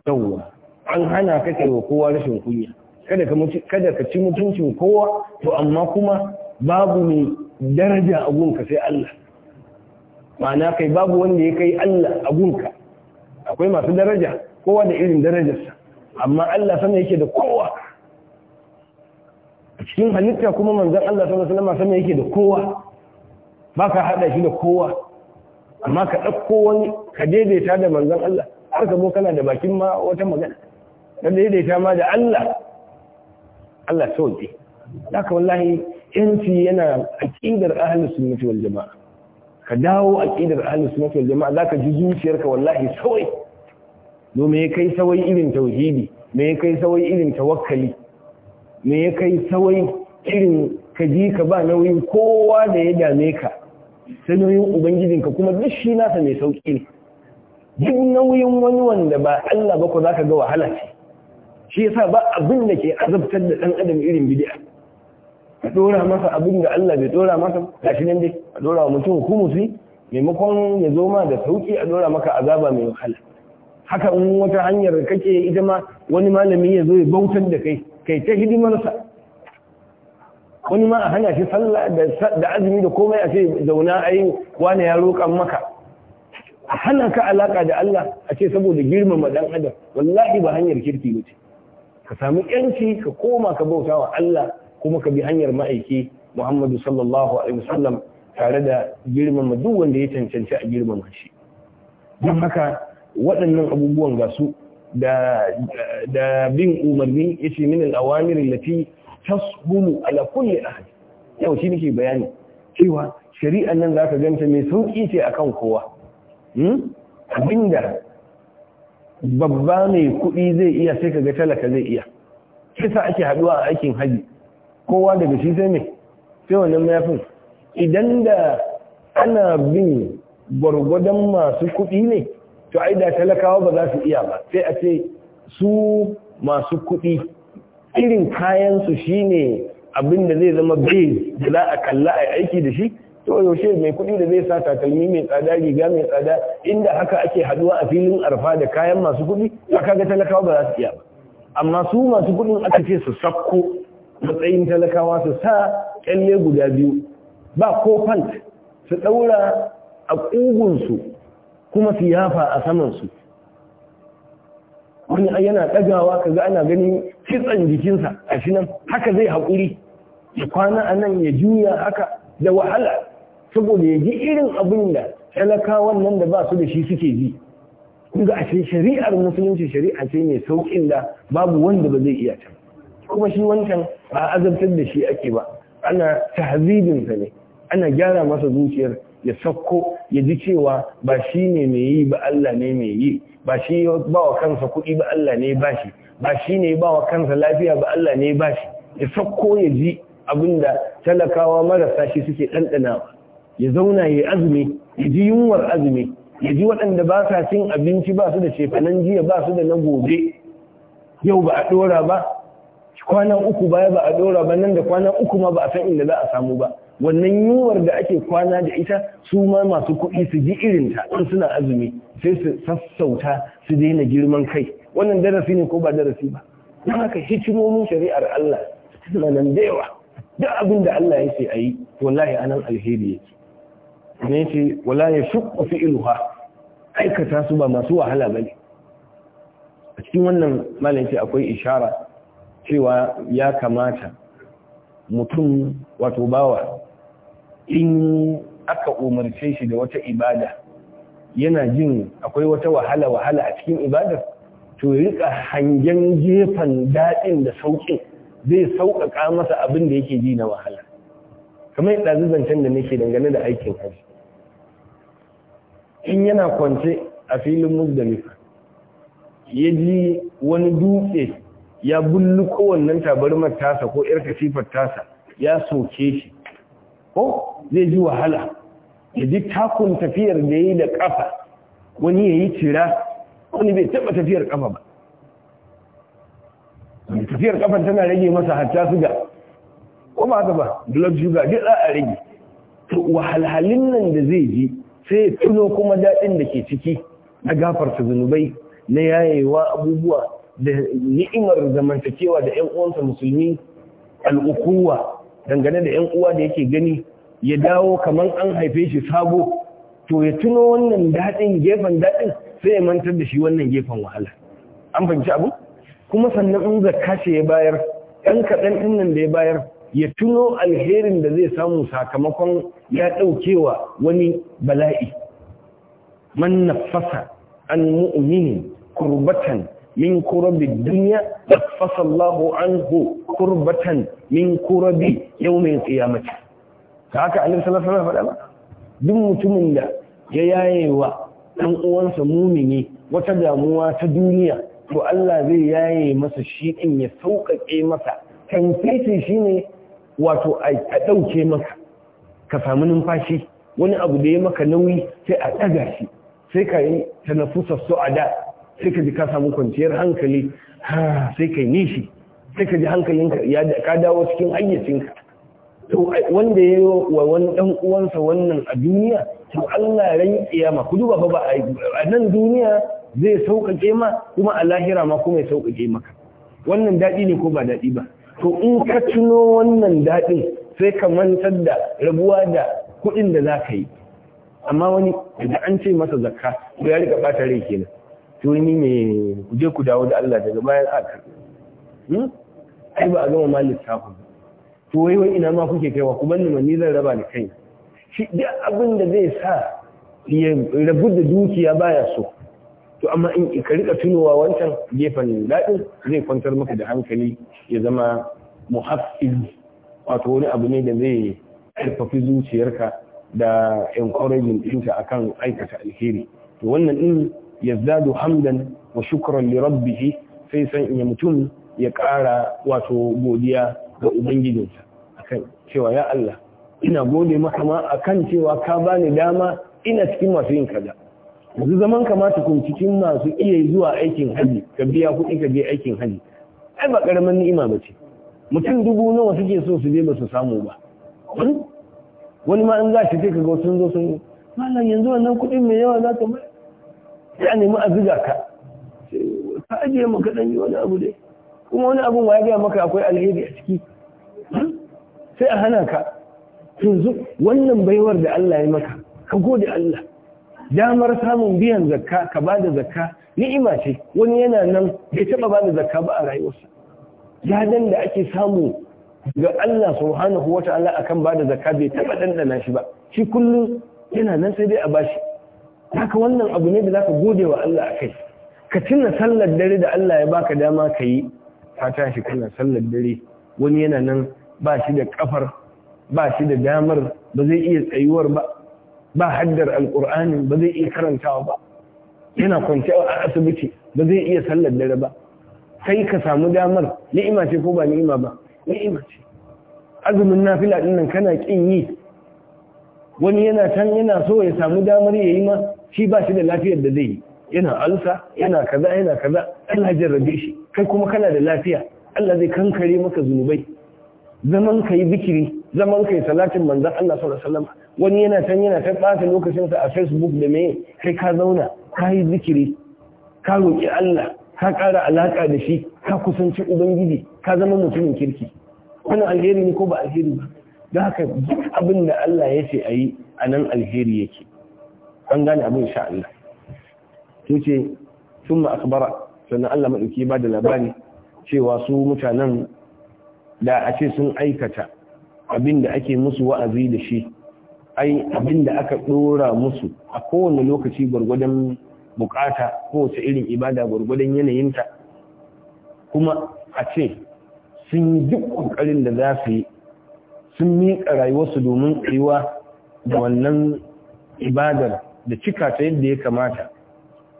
yawwa an hana ka kai wa kowa rashin kunya kada ka ci mutuncin kowa to amma kuma babu ne daraja a gunka sai Allah ma'ana kai babu wanda ya kai Allah a gunka akwai masu daraja kowa da irin darajarsa amma Allah sama yake da kowa a cikin halitta kuma manzan Allah sama alaihi wasallam sama yake da kowa ba ka hada shi da kowa amma ka ɗauko wani ka daidaita da manzan Allah har ka zo kana da bakin ma wata magana ka daidaita ma da Allah Allah sauki haka wallahi yanci yana aƙidar ahlus sunnati wal jamaa ka dawo aƙidar ahlus sunnati wal jamaa zaka ji zuciyarka wallahi sawai do me kai sawai irin tauhidi me kai sawai irin tawakkali me kai sawai irin ka ji ka ba nauyin kowa da ya dame ka sai nauyin ubangijinka kuma duk shi nasa mai sauki ne duk nauyin wani wanda ba Allah ba ku zaka ga wahala ce shi yasa ba abin da ke azabtar da ɗan adam irin bid'a ka dora masa abin da Allah bai dora masa ga shi nan dai a dora wa mutum hukumusi maimakon ya zo ma da sauki a dora maka azaba mai wahala haka in wata hanyar kake ita ma wani malami ya zo ya bautar da kai kai ta hidimarsa wani ma a hana shi sallah da azumi da komai a ce zauna yi wani ya roƙan maka a hana ka alaka da Allah a ce saboda girmama dan adam wallahi ba hanyar kirki ba ce ka samu yanci ka koma ka bauta wa Allah kuma ka bi hanyar ma'aiki Muhammadu sallallahu alaihi wasallam tare da girmama duk wanda ya cancanci a girmama shi don haka waɗannan abubuwan ga su da bin umarni yace min al-awamir allati tasbulu ala kulli ahad yau shi nake bayani cewa shari'an nan zaka ganta mai sauki ce akan kowa hmm? abinda babba mai kuɗi zai iya sai kaga talaka zai iya kisa ake haɗuwa a aikin haji kowa daga shi sai mai sai wannan mayafin idan da ana bin gwargwadon masu kuɗi ne to ai da talakawa ba za su iya ba sai a ce su masu kuɗi irin kayansu shi ne abin da zai zama bai da za a kalla a aiki da shi to yaushe mai kuɗi da zai sa takalmi mai tsada riga mai tsada inda haka ake haduwa a filin arfa da kayan masu kuɗi a kaga talakawa ba za su iya ba amma su masu kuɗin aka ce su sakko matsayin talakawa su sa kyalle guda biyu ba ko fant su ɗaura a ƙugunsu kuma su yafa a samansu wani yana ɗagawa kaga ana ganin kitsan jikinsa a shi nan haka zai haƙuri ya kwana a nan ya juya haka da wahala saboda ya ji irin abin da talakawan nan da ba su da shi suke ji ga ashe shari'ar musulunci shari'a ce mai sauƙin da babu wanda ba zai iya can. kuma shi wancan ba azabtar da shi ake ba ana tahzibinsa ne ana gyara masa zuciyar ya sauko ya ji cewa ba shi ne mai yi ba Allah ne mai yi ba shi ba wa kansa kuɗi ba Allah ne ba shi ba shi ne ba wa kansa lafiya ba Allah ne ba shi ya sauko ya ji abinda talakawa marasa shi suke ɗanɗana ya zauna ya azumi ya ji yunwar azumi ya ji waɗanda ba sa cin abinci ba su da shefanan jiya ba su da na gobe yau ba a ɗora ba kwana uku baya ba a dora ba nan da kwana uku ma ba a san inda za a samu ba wannan yiwuwar da ake kwana da ita su ma masu kuɗi su ji irin ta in suna azumi sai su sassauta su daina girman kai wannan darasi ne ko ba darasi ba don haka hikimomin shari'ar Allah suna nan da yawa duk abin da Allah ya ce a yi wallahi anan alheri yake ne ce wala ya fi ilha aikata su ba masu wahala bane a cikin wannan malam ce akwai ishara cewa ya kamata mutum wato bawa in aka umarce shi da wata ibada yana jin akwai wata wahala wahala a cikin ibada, to rika hangen jefan daɗin da sauƙin zai sauƙaƙa masa abin da yake ji na wahala kamar yadda zancen da nake dangane da aikin hajji in yana kwance a filin muzdalifa ya ji wani dutse ya bullu kowannen tabarmar tasa ko ‘yar kasifar tasa ya soke shi ko zai ji wahala ya ji takun tafiyar da ya yi da ƙafa wani ya yi cira wani bai taɓa tafiyar ƙafa ba tafiyar ƙafar tana rage masa hatta suga ko ba haka ba blood sugar duk za a rage to wahalhalin nan da zai ji sai tuno kuma daɗin da ke ciki na gafarta zunubai na yayewa abubuwa da ni'imar zamantakewa da 'yan uwansa musulmi al'ukuwa dangane da 'yan uwa da yake gani ya dawo kamar an haife shi sabo to ya tuno wannan daɗin gefen daɗin sai ya mantar da shi wannan gefen wahala an fahimci abu kuma sannan in zakka shi ya bayar ɗan kaɗan ɗin nan da ya bayar ya tuno alherin da zai samu sakamakon ya ɗaukewa wani bala'i man nafasa an mu'minin kurbatan min kurabi dunya fasallahu anhu kurbatan min kurabi yawmin qiyamati haka annabi sallallahu alaihi wasallam faɗa ba duk mutumin da ya yayewa dan uwansa mumini wata damuwa ta duniya to Allah zai yaye masa shi in ya sauƙaƙe masa tankace shi ne wato a ɗauke maka ka samu numfashi wani abu da ya maka nauyi sai a ɗaga shi sai ka yi ta a da sai ka ji ka samu kwanciyar hankali sai ka nishi sai ka ji hankalinka ka dawo cikin ayyacinka. to wanda ya yi wa wani ɗan uwansa wannan a duniya to Allah ya ran kiyama ku duba ba a nan duniya zai sauƙaƙe ma kuma a lahira ma kuma ya sauƙaƙe maka wannan daɗi ne ko ba daɗi ba to in ka tuno wannan daɗin sai ka mantar da rabuwa da kuɗin da za ka yi amma wani da an ce masa zakka to ya rika ɓata rai kenan tuni ni me je ku dawo da Allah daga bayan aka hmm? ai ba a gama ma lissafin to wai wai ina ma kuke kaiwa ku banni ni zan raba da kai shi duk abin da zai sa ya rabu da dukiya baya so to amma in ka rika tunowa wancan gefen daɗin zai kwantar maka da hankali ya zama muhaffiz wato wani abu ne da zai karfafi zuciyarka da encouraging ɗinka akan aikata alheri to wannan din yazdadu hamdan wa shukran li rabbih sai san in mutum ya ƙara wato godiya ga ubangijinsa akan cewa ya Allah ina gode maka ma akan cewa ka bani dama ina cikin masu yin kaza yanzu zaman kamata kun cikin masu iya zuwa aikin haji ka biya kuɗi ka je aikin haji ai ba karamin ni'ima ba ce mutum dubu nawa suke so su je ba su samu ba wani ma in za shi ce ka ga sun zo sun malam yanzu wannan kuɗin mai yawa za ka mai ya nemi a zuga ka ka ajiye maka ɗanyi wani abu dai kuma wani abun wa ya gaya maka akwai alheri a ciki hmm? sai a hana ka yanzu wannan baiwar da Allah ya maka ka gode Allah damar samun biyan zakka ka ba da zakka ni'ima ce wani yana nan bai taba ba da zakka ba a rayuwarsa jadan da ake samu ga Allah subhanahu wata'ala akan ba da zakka bai taba ɗanɗana shi ba shi kullum yana nan sai dai a bashi haka wannan abu ne da zaka gode wa Allah a kai ka cinna sallar dare da Allah ya baka dama ka yi ta tashi kana sallar dare wani yana nan ba shi da kafar ba shi da damar ba zai iya tsayuwar ba ba haddar alkur'ani ba zai iya karantawa ba yana kwance a asibiti ba zai iya sallar dare ba sai ka samu damar ni'ima ce ko ba ni'ima ba ni'ima ce azumin nafila din nan kana kin yi wani yana can yana so ya samu damar ya yi ma shi ba shi da lafiyar da zai yi yana alsa yana kaza yana kaza Allah ya jarrabe shi kai kuma kana da lafiya Allah zai kankare maka zunubai zaman ka yi bikiri zaman ka yi salatin manzon Allah sallallahu alaihi wasallam wani yana can yana ta bata lokacin sa a Facebook da me kai ka zauna ka yi zikiri ka roki Allah ka ƙara alaƙa da shi ka kusanci ubangiji ka zama mutumin kirki wannan alheri ne ko ba alheri ba dan haka duk abin da Allah ya ce a yi a nan alheri yake an gane abin sha Allah to ce sun akbara sannan Allah maɗauki ba da labari cewa su mutanen da a ce sun aikata abin da ake musu wa'azi da shi ai abin da aka ɗora musu a kowane lokaci gwargwadon bukata kowace irin ibada gwargwadon yanayinta kuma a ce sun yi duk ƙoƙarin da za su yi sun miƙa rayuwarsu domin tsayuwa da wannan ibadar da cika ta yadda ya kamata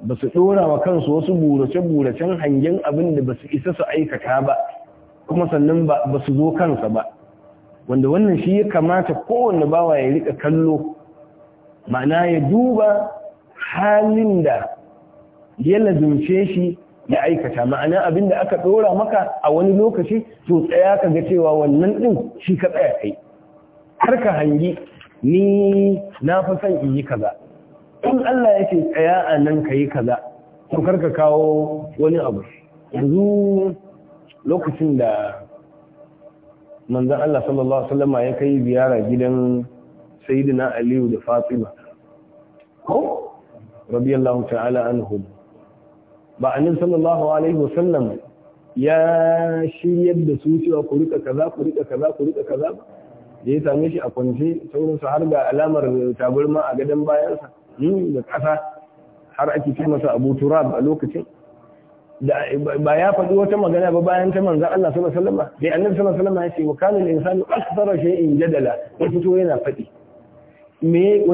ba su ɗora wa kansu wasu burace-buracen hangen abin da ba su isa su aikata ba kuma sannan ba su zo kansa ba wanda wannan shi ya kamata kowane bawa ya rika kallo ma'ana ya duba halin da ya lazumce shi ya aikata ma'ana abin da aka ɗora maka a wani lokaci to tsaya ka ga cewa wannan ɗin shi ka tsaya kai har ka hangi ni na fi son in yi kaza in Allah ya ce tsaya a nan ka yi kaza to karka kawo wani abu yanzu lokacin da manzan Allah sallallahu Alaihi wasallama ya kai ziyara gidan sayidina Aliyu da Fatima ko radiyallahu ta'ala anhu ba annabi sallallahu alaihi wasallam ya shiryar da su cewa ku rika kaza ku rika kaza ku rika kaza ba da ya same shi a kwance saurinsa har ga alamar tabarma a gadon bayansa da ƙasa har ake ce masa abu turab a lokacin ba ya faɗi wata magana ba bayan ta manza Allah sallallahu alaihi wasallam sai annabi sallallahu alaihi wasallam ya ce wa kana al-insanu ya fito yana me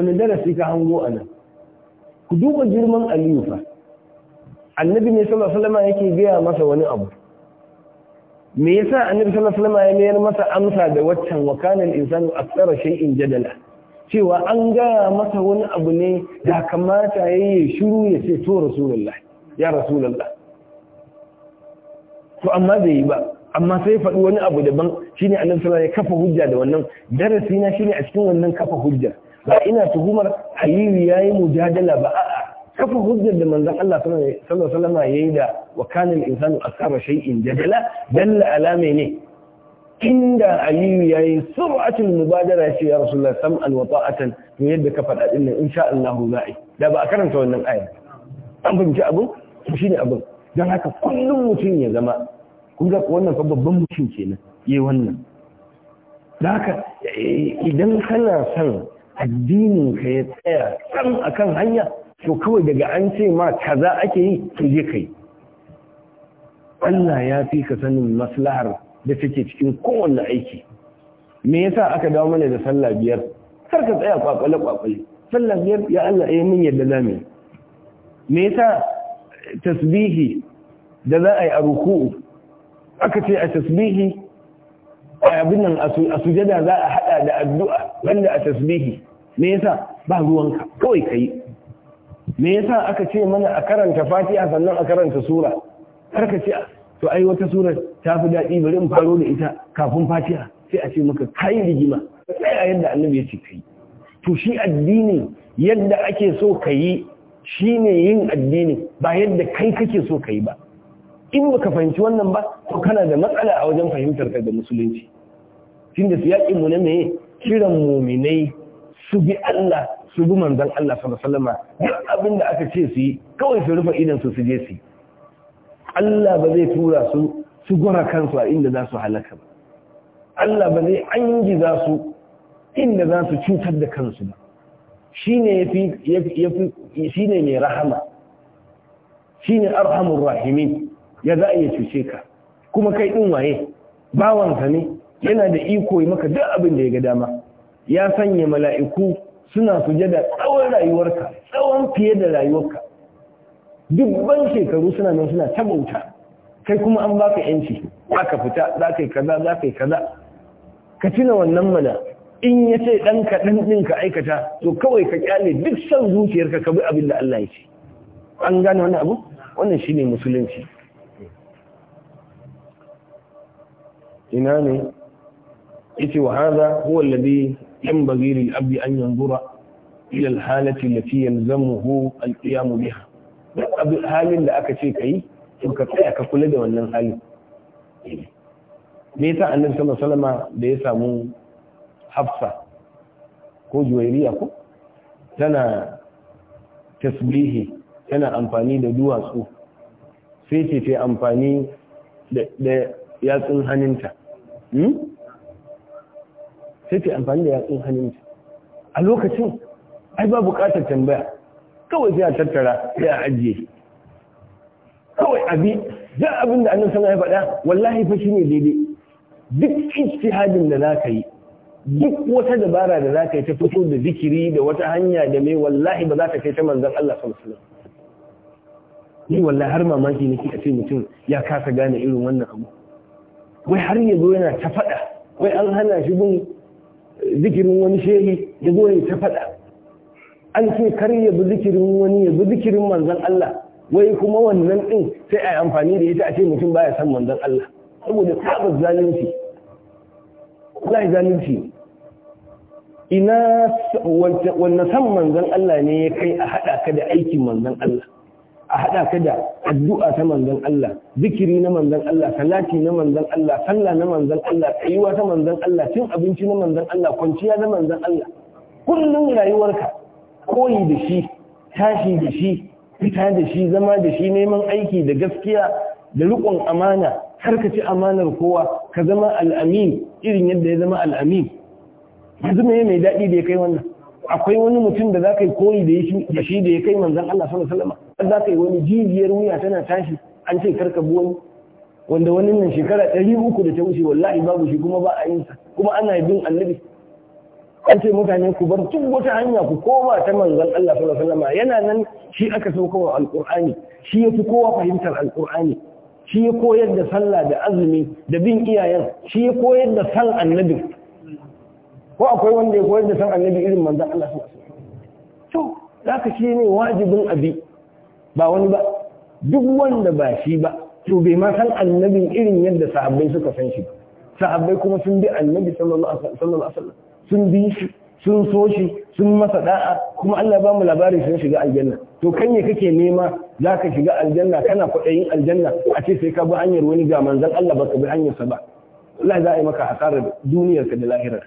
masa wani abu me yasa annabi sallallahu alaihi wasallam ya mayar masa amsa da waccan wa kana al-insanu aktsara shay'in jadala cewa an gaya masa wani abu ne da kamata ya yi shiru ya ce to rasulallah ya rasulallah to amma zai yi ba amma sai faɗi wani abu daban shi ne sallallahu ya kafa hujja da wannan darasi na shi ne a cikin wannan kafa hujjar ba ina tuhumar aliyu yayi mujadala ba a'a kafa hujjar da manzan Allah sallallahu alaihi wasallam yi da wa insanu akthara shay'in jadala dalla alame ne inda aliyu ya yi sur'atul mubadara ce ya rasulullah sam'an wa ta'atan to yadda ka faɗa din nan insha Allah za da ba a karanta wannan aya an fahimci abin to shine abin dan haka kullum mutum ya zama kun ga wannan fa babban mutum kenan yayi wannan da haka eh, idan kana son addinin ka ya tsaya sam akan hanya to kawai daga an ce ma kaza ake yi to je kai Allah ya fi ka sanin maslahar da take cikin kowanne aiki me yasa aka dawo mana da sallah biyar kar ka tsaya kwakwale kwakwale sallah biyar ya Allah ya eh, min yadda zamu me yasa tasbihi da za a yi a ruku'u aka ce a tasbihi a abin nan a sujada za a hada da addu'a wanda a tasbihi me yasa ba ruwanka kawai kai me yasa aka ce mana a karanta fatiha sannan a karanta sura kar ka ce to ai wata sura ta fi daɗi bari in faro da ita kafin fatiha sai a ce maka kai rigima sai a yadda annabi ya ce kai to shi addini yadda ake so ka yi shi ne yin addini ba yadda kai kake so ka yi ba in ka fahimci wannan ba to kana da matsala a wajen fahimtar ka da musulunci tun da siyaƙin mu na meye kiran muminai su bi Allah su bi manzon Allah sallallahu alaihi wasallam duk abin da aka ce su yi kawai su rufe idan su su je su yi Allah ba zai tura su su gwara kansu a inda za su halaka ba Allah ba zai angi za su inda za su cutar da kansu ba shi ne mai rahama shi ne arhamun rahimin ya za a iya cuce ka kuma kai ɗin waye bawansa ne yana da iko yi maka duk abin da ya ga dama ya sanya mala'iku suna da tsawon rayuwarka tsawon fiye da rayuwarka dubban shekaru suna nan suna ta bauta kai kuma an baka yanci za ka fita za ka yi kaza za ka yi kaza ka tuna wannan mana in ya ce ɗan kaɗan ɗin ka aikata to kawai ka kyale duk son zuciyarka ka bi abin da Allah ya ce an gane wani abu wannan shi musulunci ina ne yace wa hadha huwa alladhi yanbaghi lil abdi an yanzura ila al halati allati yalzamuhu al qiyam biha duk halin da aka ce ka yi to ka tsaya ka kula da wannan hali. me yasa annabi sallallahu alaihi wasallama da ya samu hafsa ko juwairiya ko tana tasbihi tana amfani da duwatsu sai ce ta hmm? amfani da yatsun hannunta sai ce amfani da yatsun haninta. a lokacin ai ba bukatar tambaya kawai sai a tattara sai a ajiye kawai abi za abin da annabi sallallahu alaihi faɗa wallahi fa shine daidai duk ijtihadin da za ka yi duk wata dabara da za ka yi ta fito da zikiri da wata hanya da mai wallahi ba za ta kai ta manzon Allah sallallahu alaihi ni wallahi har mamaki nake a ce mutum ya kasa gane irin wannan abu wai har ya zo yana ta faɗa wai an hana shi bin zikirin wani shehi ya zo ya ta faɗa an ce kar ya bi zikirin wani ya bi zikirin manzon Allah wai kuma wannan din sai a amfani da ita a ce mutum baya san manzon Allah saboda tsabar zalunci wallahi zalunci ina wanne san manzon Allah ne ya kai a hada ka da aikin manzon Allah a haɗa ka da addu'a ta manzan Allah, zikiri na manzan Allah, salati na manzan Allah, sallah na manzan Allah, tsayuwa ta manzan Allah, cin abinci na manzan Allah, kwanciya na manzan Allah. Kullum rayuwarka koyi da shi tashi da shi fita da shi zama da shi neman aiki da gaskiya da riƙon amana har ka ci amanar kowa ka zama al'amin irin yadda ya zama al'amin yanzu me mai daɗi da ya kai wannan akwai wani mutum da za ka yi koyi da shi da ya kai manzan Allah sallallahu alaihi wasallam za ka yi wani jijiyar wuya tana tashi an ce karka bi wanda wani nan shekara ɗari uku da ta wuce wallahi babu shi kuma ba a yinsa kuma ana bin annabi an ce mutane ku bar duk wata hanya ku koma ta manzon Allah sallallahu alaihi wasallam yana nan shi aka sauka wa alqur'ani shi yafi kowa fahimtar alqur'ani shi ya koyar da sallah da azumi da bin iyayen shi ya koyar da san annabi ko akwai wanda ya koyar da san annabi irin manzon Allah sallallahu alaihi wasallam to zaka shi ne wajibin abi ba wani ba duk wanda ba shi ba to bai ma san annabin irin yadda sahabbai suka san shi ba sahabbai kuma sun bi annabi sallallahu alaihi wasallam sun bi shi sun so shi sun masa da'a kuma Allah ba mu labari sun shiga aljanna to kan ya kake nema za ka shiga aljanna kana kwaɗayin aljanna a ce sai ka bi hanyar wani ga manzan Allah ba ka bi hanyarsa ba Allah za a yi maka duniyar duniyarka da lahirar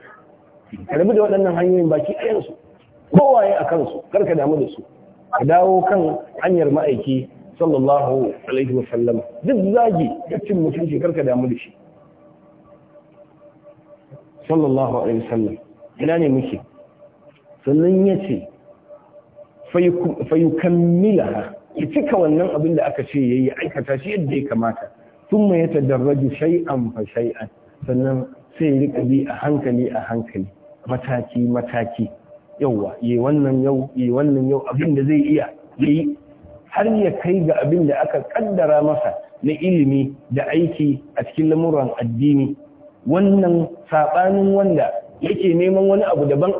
ka rabu da waɗannan hanyoyin baki ɗayansu kowaye a kansu kar ka damu da su ka dawo kan hanyar ma'aiki sallallahu alaihi wa sallam duk zagi da cin mutunci kar ka damu da shi sallallahu alaihi wa sallam ina ne muke sannan ya ce fayukammila ya cika wannan abin da aka ce ya yi aikata shi yadda ya kamata sun mai ta darraji shai'an fa shai'an sannan sai rika bi a hankali a hankali mataki mataki yauwa yi wannan yau yi wannan yau abin da zai iya yi har ya kai ga abin da aka kaddara masa na ilimi da aiki a cikin lamuran addini wannan saɓanin wanda yake neman wani abu daban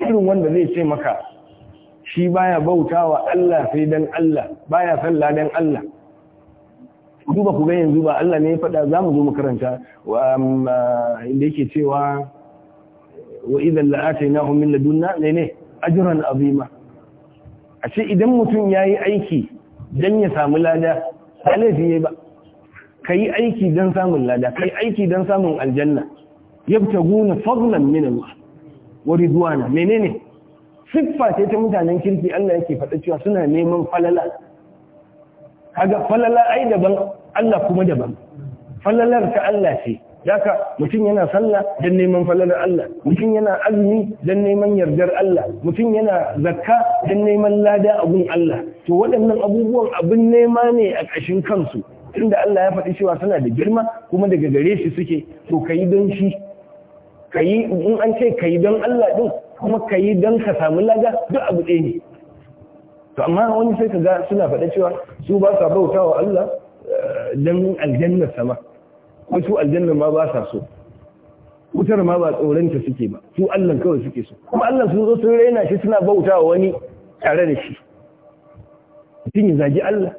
irin wanda zai ce maka shi baya bautawa Allah sai dan Allah baya sallah dan Allah duba ku ga yanzu ba Allah ne ya faɗa za mu zo mu karanta um, uh, inda yake cewa wa idan la'atainahum min ladunna ne ne ajran azima a ce idan mutum yayi aiki dan ya samu lada ba laifi ne ba kai aiki dan samun lada kai aiki dan samun aljanna yabtaguna fadlan min Allah wa ridwana menene siffa ce ta mutanen kirki Allah yake faɗa cewa suna neman falala kaga falala ai daban Allah kuma daban falalar ta Allah ce Daka mutum yana sallah dan neman falalar Allah, mutum yana azumi dan neman yardar Allah, mutum yana zakka don neman lada abun Allah. To waɗannan abubuwan abun nema ne a ƙashin kansu, inda Allah ya faɗi cewa suna da girma kuma daga gare shi suke, to ka yi don shi ka yi in an ce ka yi don Allah ɗin kuma ka yi don ka samu laga duk abu ɗaya ne to amma wani sai ka ga suna faɗa cewa su ba sa bauta wa Allah eh, don aljannar sama ko su aljannar ma ba sa so wutar ma ba tsoranta suke ba su Allah kawai suke so kuma Allah sun zo sun raina shi suna bauta wa wani tare da shi mutum ya zagi Allah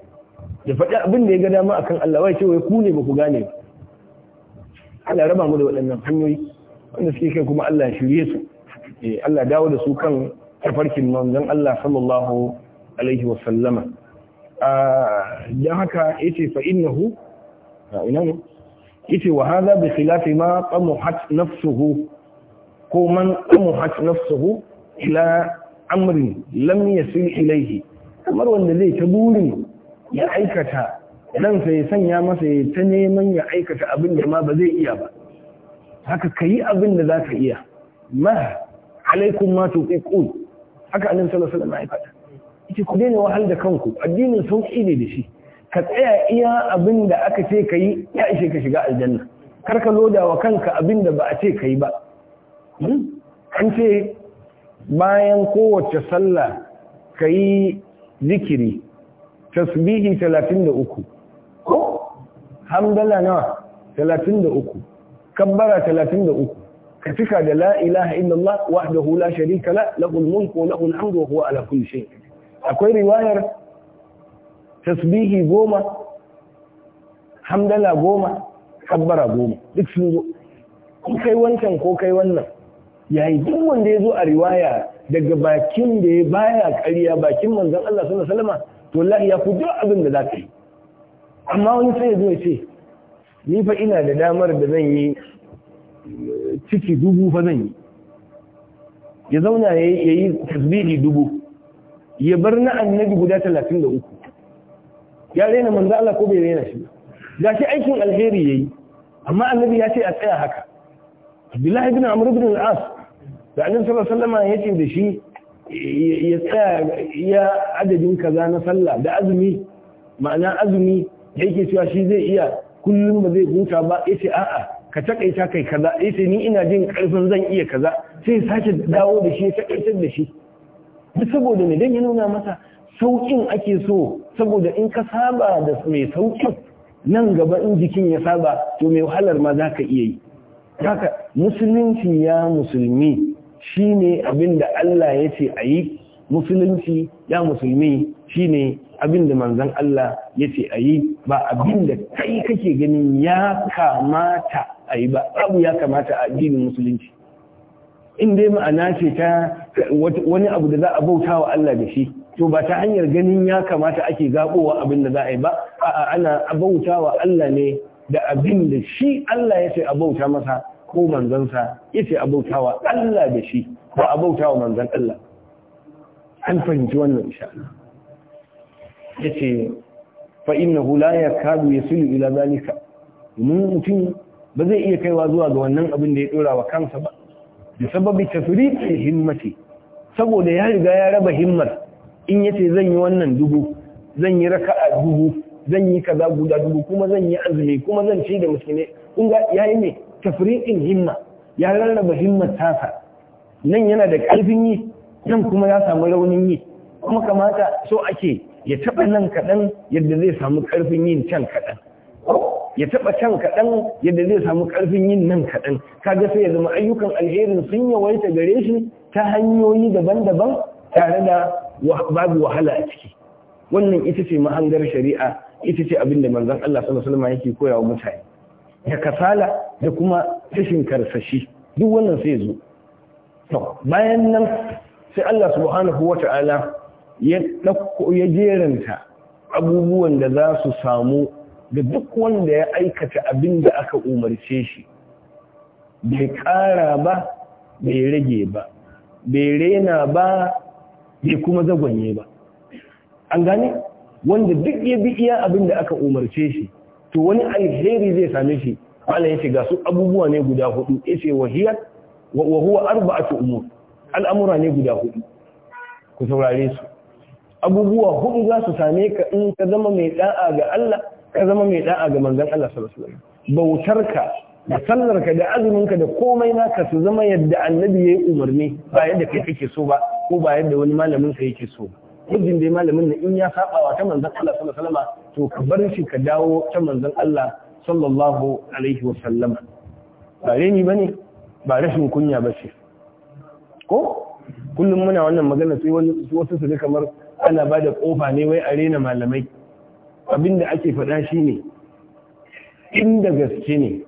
Da faɗi abin da ya ga dama akan Allah wai ce ku ne ba ku gane ba Allah raba mu da waɗannan hanyoyi wanda suke kai kuma Allah ya shirye su eh, Allah dawo da su kan tafarkin manzon Allah sallallahu alaihi wa sallama ah, dan haka yace fa innahu ah, ina ne yace wa hadha bi khilafi ma tamuhat nafsuhu ko man tamuhat nafsuhu ila amrin lam yasil ilayhi kamar wanda zai ta burin ya aikata ransa ya sanya masa ya ta neman ya aikata abin da ma ba zai iya ba haka ka yi abin da za ka iya ma alaikum ma ƙul haka annabi salasa da ma'aikata ya ku daina wahal da kanku addinin sauƙi ne da shi ka tsaya iya abin da aka ce ka yi ya ishe ka shiga aljanna kar ka loda wa kanka abin da ba a ce ka yi ba hmm? an ce bayan kowace sallah ka yi zikiri tasbihi 33 ko hamdala nawa uku. kabbara 33 ka cika da la ilaha illallah wahdahu la sharika la lahul mulku wa lahul hamdu wa huwa ala kulli shay akwai riwayar tasbihi goma hamdala goma kabbara goma duk sun zo in kai wancan ko kai wannan yayi duk wanda ya zo a riwaya daga bakin da ya baya ƙarya bakin manzon Allah sallallahu alaihi wasallam to wallahi ya fi duk abin da za ka yi amma wani sai ya zo ya ce ni fa ina da damar da zan yi eh, ciki dubu fa zan yi ya zauna ya yi tasbihi dubu ya bar na annabi guda talatin da uku ya raina manzo Allah ko bai raina shi ga shi aikin alheri yayi amma annabi ya ce a tsaya haka Abdullahi ibn Amr ibn al-As da annabi sallallahu alaihi wasallam ya ce da shi ya tsaya ya adadin kaza na sallah da azumi ma'ana azumi yake cewa shi zai iya kullum ba zai huta ba yace a'a ka takaita kai kaza ce ni ina jin karfin zan iya kaza sai sake dawo da shi ya takaitar da shi duk saboda me dan ya nuna masa saukin ake so saboda in ka saba da mai saukin nan gaba in jikin ya saba to mai wahalar ma za ka iya yi haka musulunci ya musulmi shine abin da Allah ya ce a yi musulunci ya musulmi shine abin da manzan Allah ya ce a yi ba abin da kai kake ganin ya kamata a yi ba abu ya kamata a addinin musulunci in dai ma'ana ce ta wani abu da za a bauta wa Allah da shi to ba ta hanyar ganin ya kamata ake zaɓowa abin da za a yi ba a'a ana bauta wa Allah ne da abin da shi Allah ya ce a bauta masa ko manzansa ya ce a bauta wa Allah da shi ba a bauta wa manzan Allah an fahimci wannan insha yace fa innahu la yakadu yasilu ila zalika mun mutum ba zai iya kaiwa zuwa ga wannan abin da ya dora wa kansa ba da sababi tafriqi himmati saboda ya riga ya raba himmar in yace zan yi wannan dubu zan yi raka'a dubu zan yi kaza guda dubu kuma zan yi azumi kuma zan ci da miskinai kun ga yayi ne tafriqin himma ya rarraba himmar tasa nan yana da karfin yi nan kuma ya samu raunin yi kuma kamata so ake ya taɓa nan kaɗan yadda zai samu ƙarfin yin can kaɗan ya taɓa can kaɗan yadda zai samu ƙarfin yin nan kaɗan kaga sai ya zama ayyukan alherin sun yawaita gare shi ta hanyoyi daban-daban tare da babu wahala a ciki wannan ita ce mahangar shari'a ita ce abin da manzon Allah sallallahu alaihi yake koya wa mutane da kasala da kuma tashin karsashi duk wannan sai zo to bayan nan sai Allah subhanahu wata'ala ya ɗauko ya jeranta abubuwan da za su samu da duk wanda ya aikata abin da aka umarce shi bai ƙara ba bai rage ba bai rena ba bai kuma zagwanye ba an gane wanda duk ya bi iya abin da aka umarce shi to wani alheri zai same shi wala ya ce ga su abubuwa ne guda hudu ya ce wahiyar wa huwa arba'atu umur al'amura ne guda hudu ku saurare su abubuwa hudu za su same ka in ka zama mai da'a ga Allah ka zama mai da'a ga manzon Allah sallallahu alaihi wasallam bautarka da sallarka da azuminka da komai naka su zama yadda annabi yayi umarni ba yadda kai kake so ba ko ba yadda wani malamin ka yake so muddin dai malamin na in ya wa ta manzon Allah sallallahu alaihi wasallam to ka bar shi ka dawo ta manzon Allah sallallahu alaihi wasallam ba ni bane ba rashin kunya ba ce ko kullum muna wannan magana sai wani wasu su kamar ana ba da ƙofa ne wai a rena malamai da ake faɗa shi ne inda gaske ne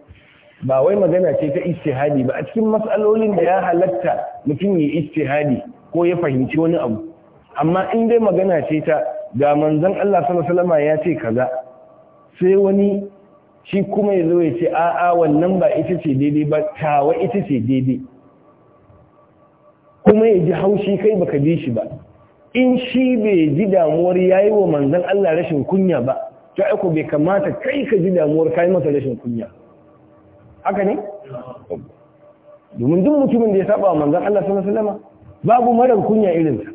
ba wai magana ce ta istihadi ba a cikin matsalolin da ya halatta mutum ya istihadi ko ya fahimci wani abu amma in dai magana ce ta ga manzon Allah sallallahu ya ce kaza sai wani shi kuma ya zo ya ce a'a wannan ba ita ce daidai ba tawa ita ce daidai kuma ya ji haushi kai baka bi shi ba in shi bai ji damuwar ya yi wa manzan Allah rashin kunya ba to aiko bai kamata kai ka ji damuwar kayan masa rashin kunya haka ne domin duk mutumin da ya saba wa manzan Allah sun babu marar kunya irinsa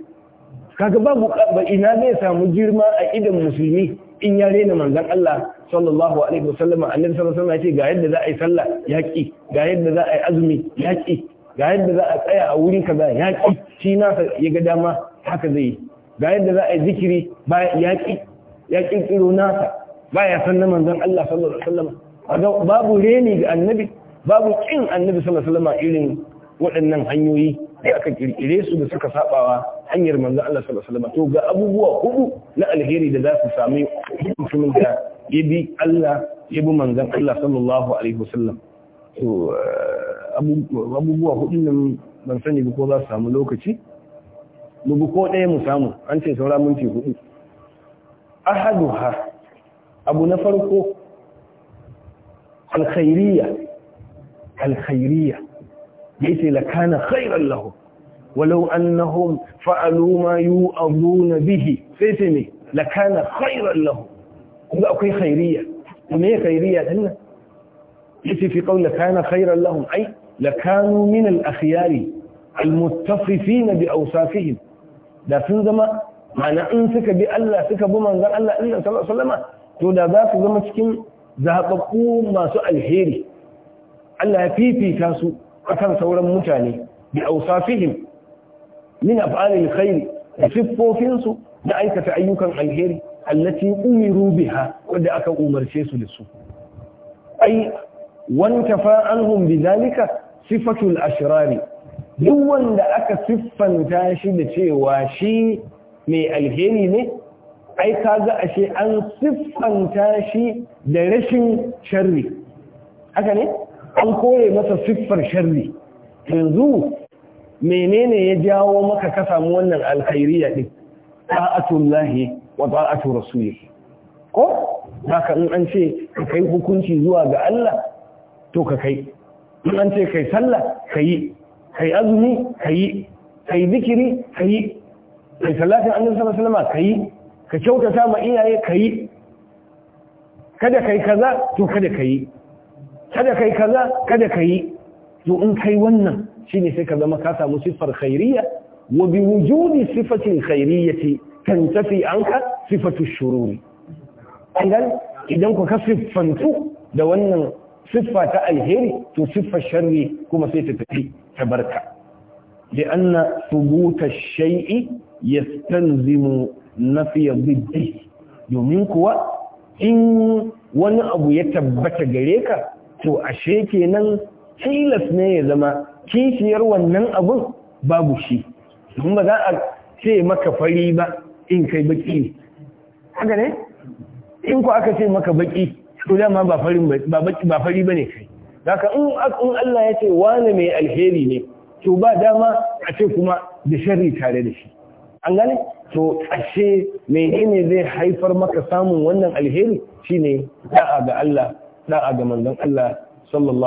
kaga babu ba ina zai samu girma a idan musulmi in ya rena manzan Allah sallallahu alaihi Wasallama. annabi sallallahu alaihi wasallam ya ce ga yadda za a yi sallah yaki ga yadda za a yi azumi yaki ga yadda za a tsaya a wuri kaza yaki shi na ya ga dama haka zai yi ga yadda za a yi zikiri ya ƙirƙiro nasa ba ya san na manzan Allah sallallahu alaihi wasallam babu reni ga annabi babu ƙin annabi sallallahu alaihi wasallam irin waɗannan hanyoyi da aka ƙirƙire su da suka sabawa hanyar manzan Allah sallallahu alaihi wasallam to ga abubuwa hudu na alheri da za su sami mutumin da ya bi Allah ya bi manzan Allah sallallahu alaihi wasallam to eh, abubuwa hudun nan ban sani ba ko za su samu lokaci bugu ko ɗaya mu samu an ce saura minti hudu ahadu ha abu na farko alkhairiyya alkhairiyya ce la kana khairan lahu walau annahum fa'alu ma yu'aduna bihi sai ce ne la kana khairan lahu kuma akwai khairiyya me khairiyya din nan ya ce fi qawl la kana khairan lahum ai la kanu min al-akhyari al-muttafifin bi awsafihim da sun zama ma'ana in suka bi Allah suka bi manzon Allah inna sallallahu alaihi to da za su zama cikin zaɓaɓɓu masu alheri Allah ya fifita su akan sauran mutane bi ausafihim min af'alil khair siffofin su da aikata ayyukan alheri allati umiru biha wanda aka umarce su da su ai wan kafa anhum zalika sifatul ashrari duk wanda aka siffanta shi da cewa shi mai alheri ne ai kaga ashe an siffanta shi da rashin sharri haka ne an kore masa siffar sharri yanzu menene ya jawo maka ka samu wannan alkhairiya din ta'atullahi wa ta'atu rasulihi ko haka in an ce ka kai hukunci zuwa ga Allah to ka kai in an ce kai sallah ka kai azumi kai kai zikiri kai kai salatin annabi sallallahu alaihi wasallam kai ka kyautata ma iyaye yi, kada yi kaza to kada yi, kada yi kaza kada yi, to in kai wannan shine sai ka zama ka samu siffar khairiyya wa bi wujudi sifatin khairiyyati tantafi anka sifatu shururi idan idan ku ka siffantu da wannan siffa ta alheri to siffar sharri kuma sai ta tafi ta barka لأن ثبوت الشيء يستلزم نفي ضده domin kuwa in wani abu ya tabbata gare ka to ashe kenan tilas ne ya zama kishiyar wannan abun babu shi domin ba za a ce maka fari ba in kai baki ne haka ne in ku aka ce maka baki to dama ba fari ba ne kai daga in Allah ya ce wani mai alheri ne to ba dama a ce kuma da sharri tare da shi an gane to ashe ne zai haifar maka samun wannan alheri shine da'a ga Allah da'a ga manzon Allah sallallahu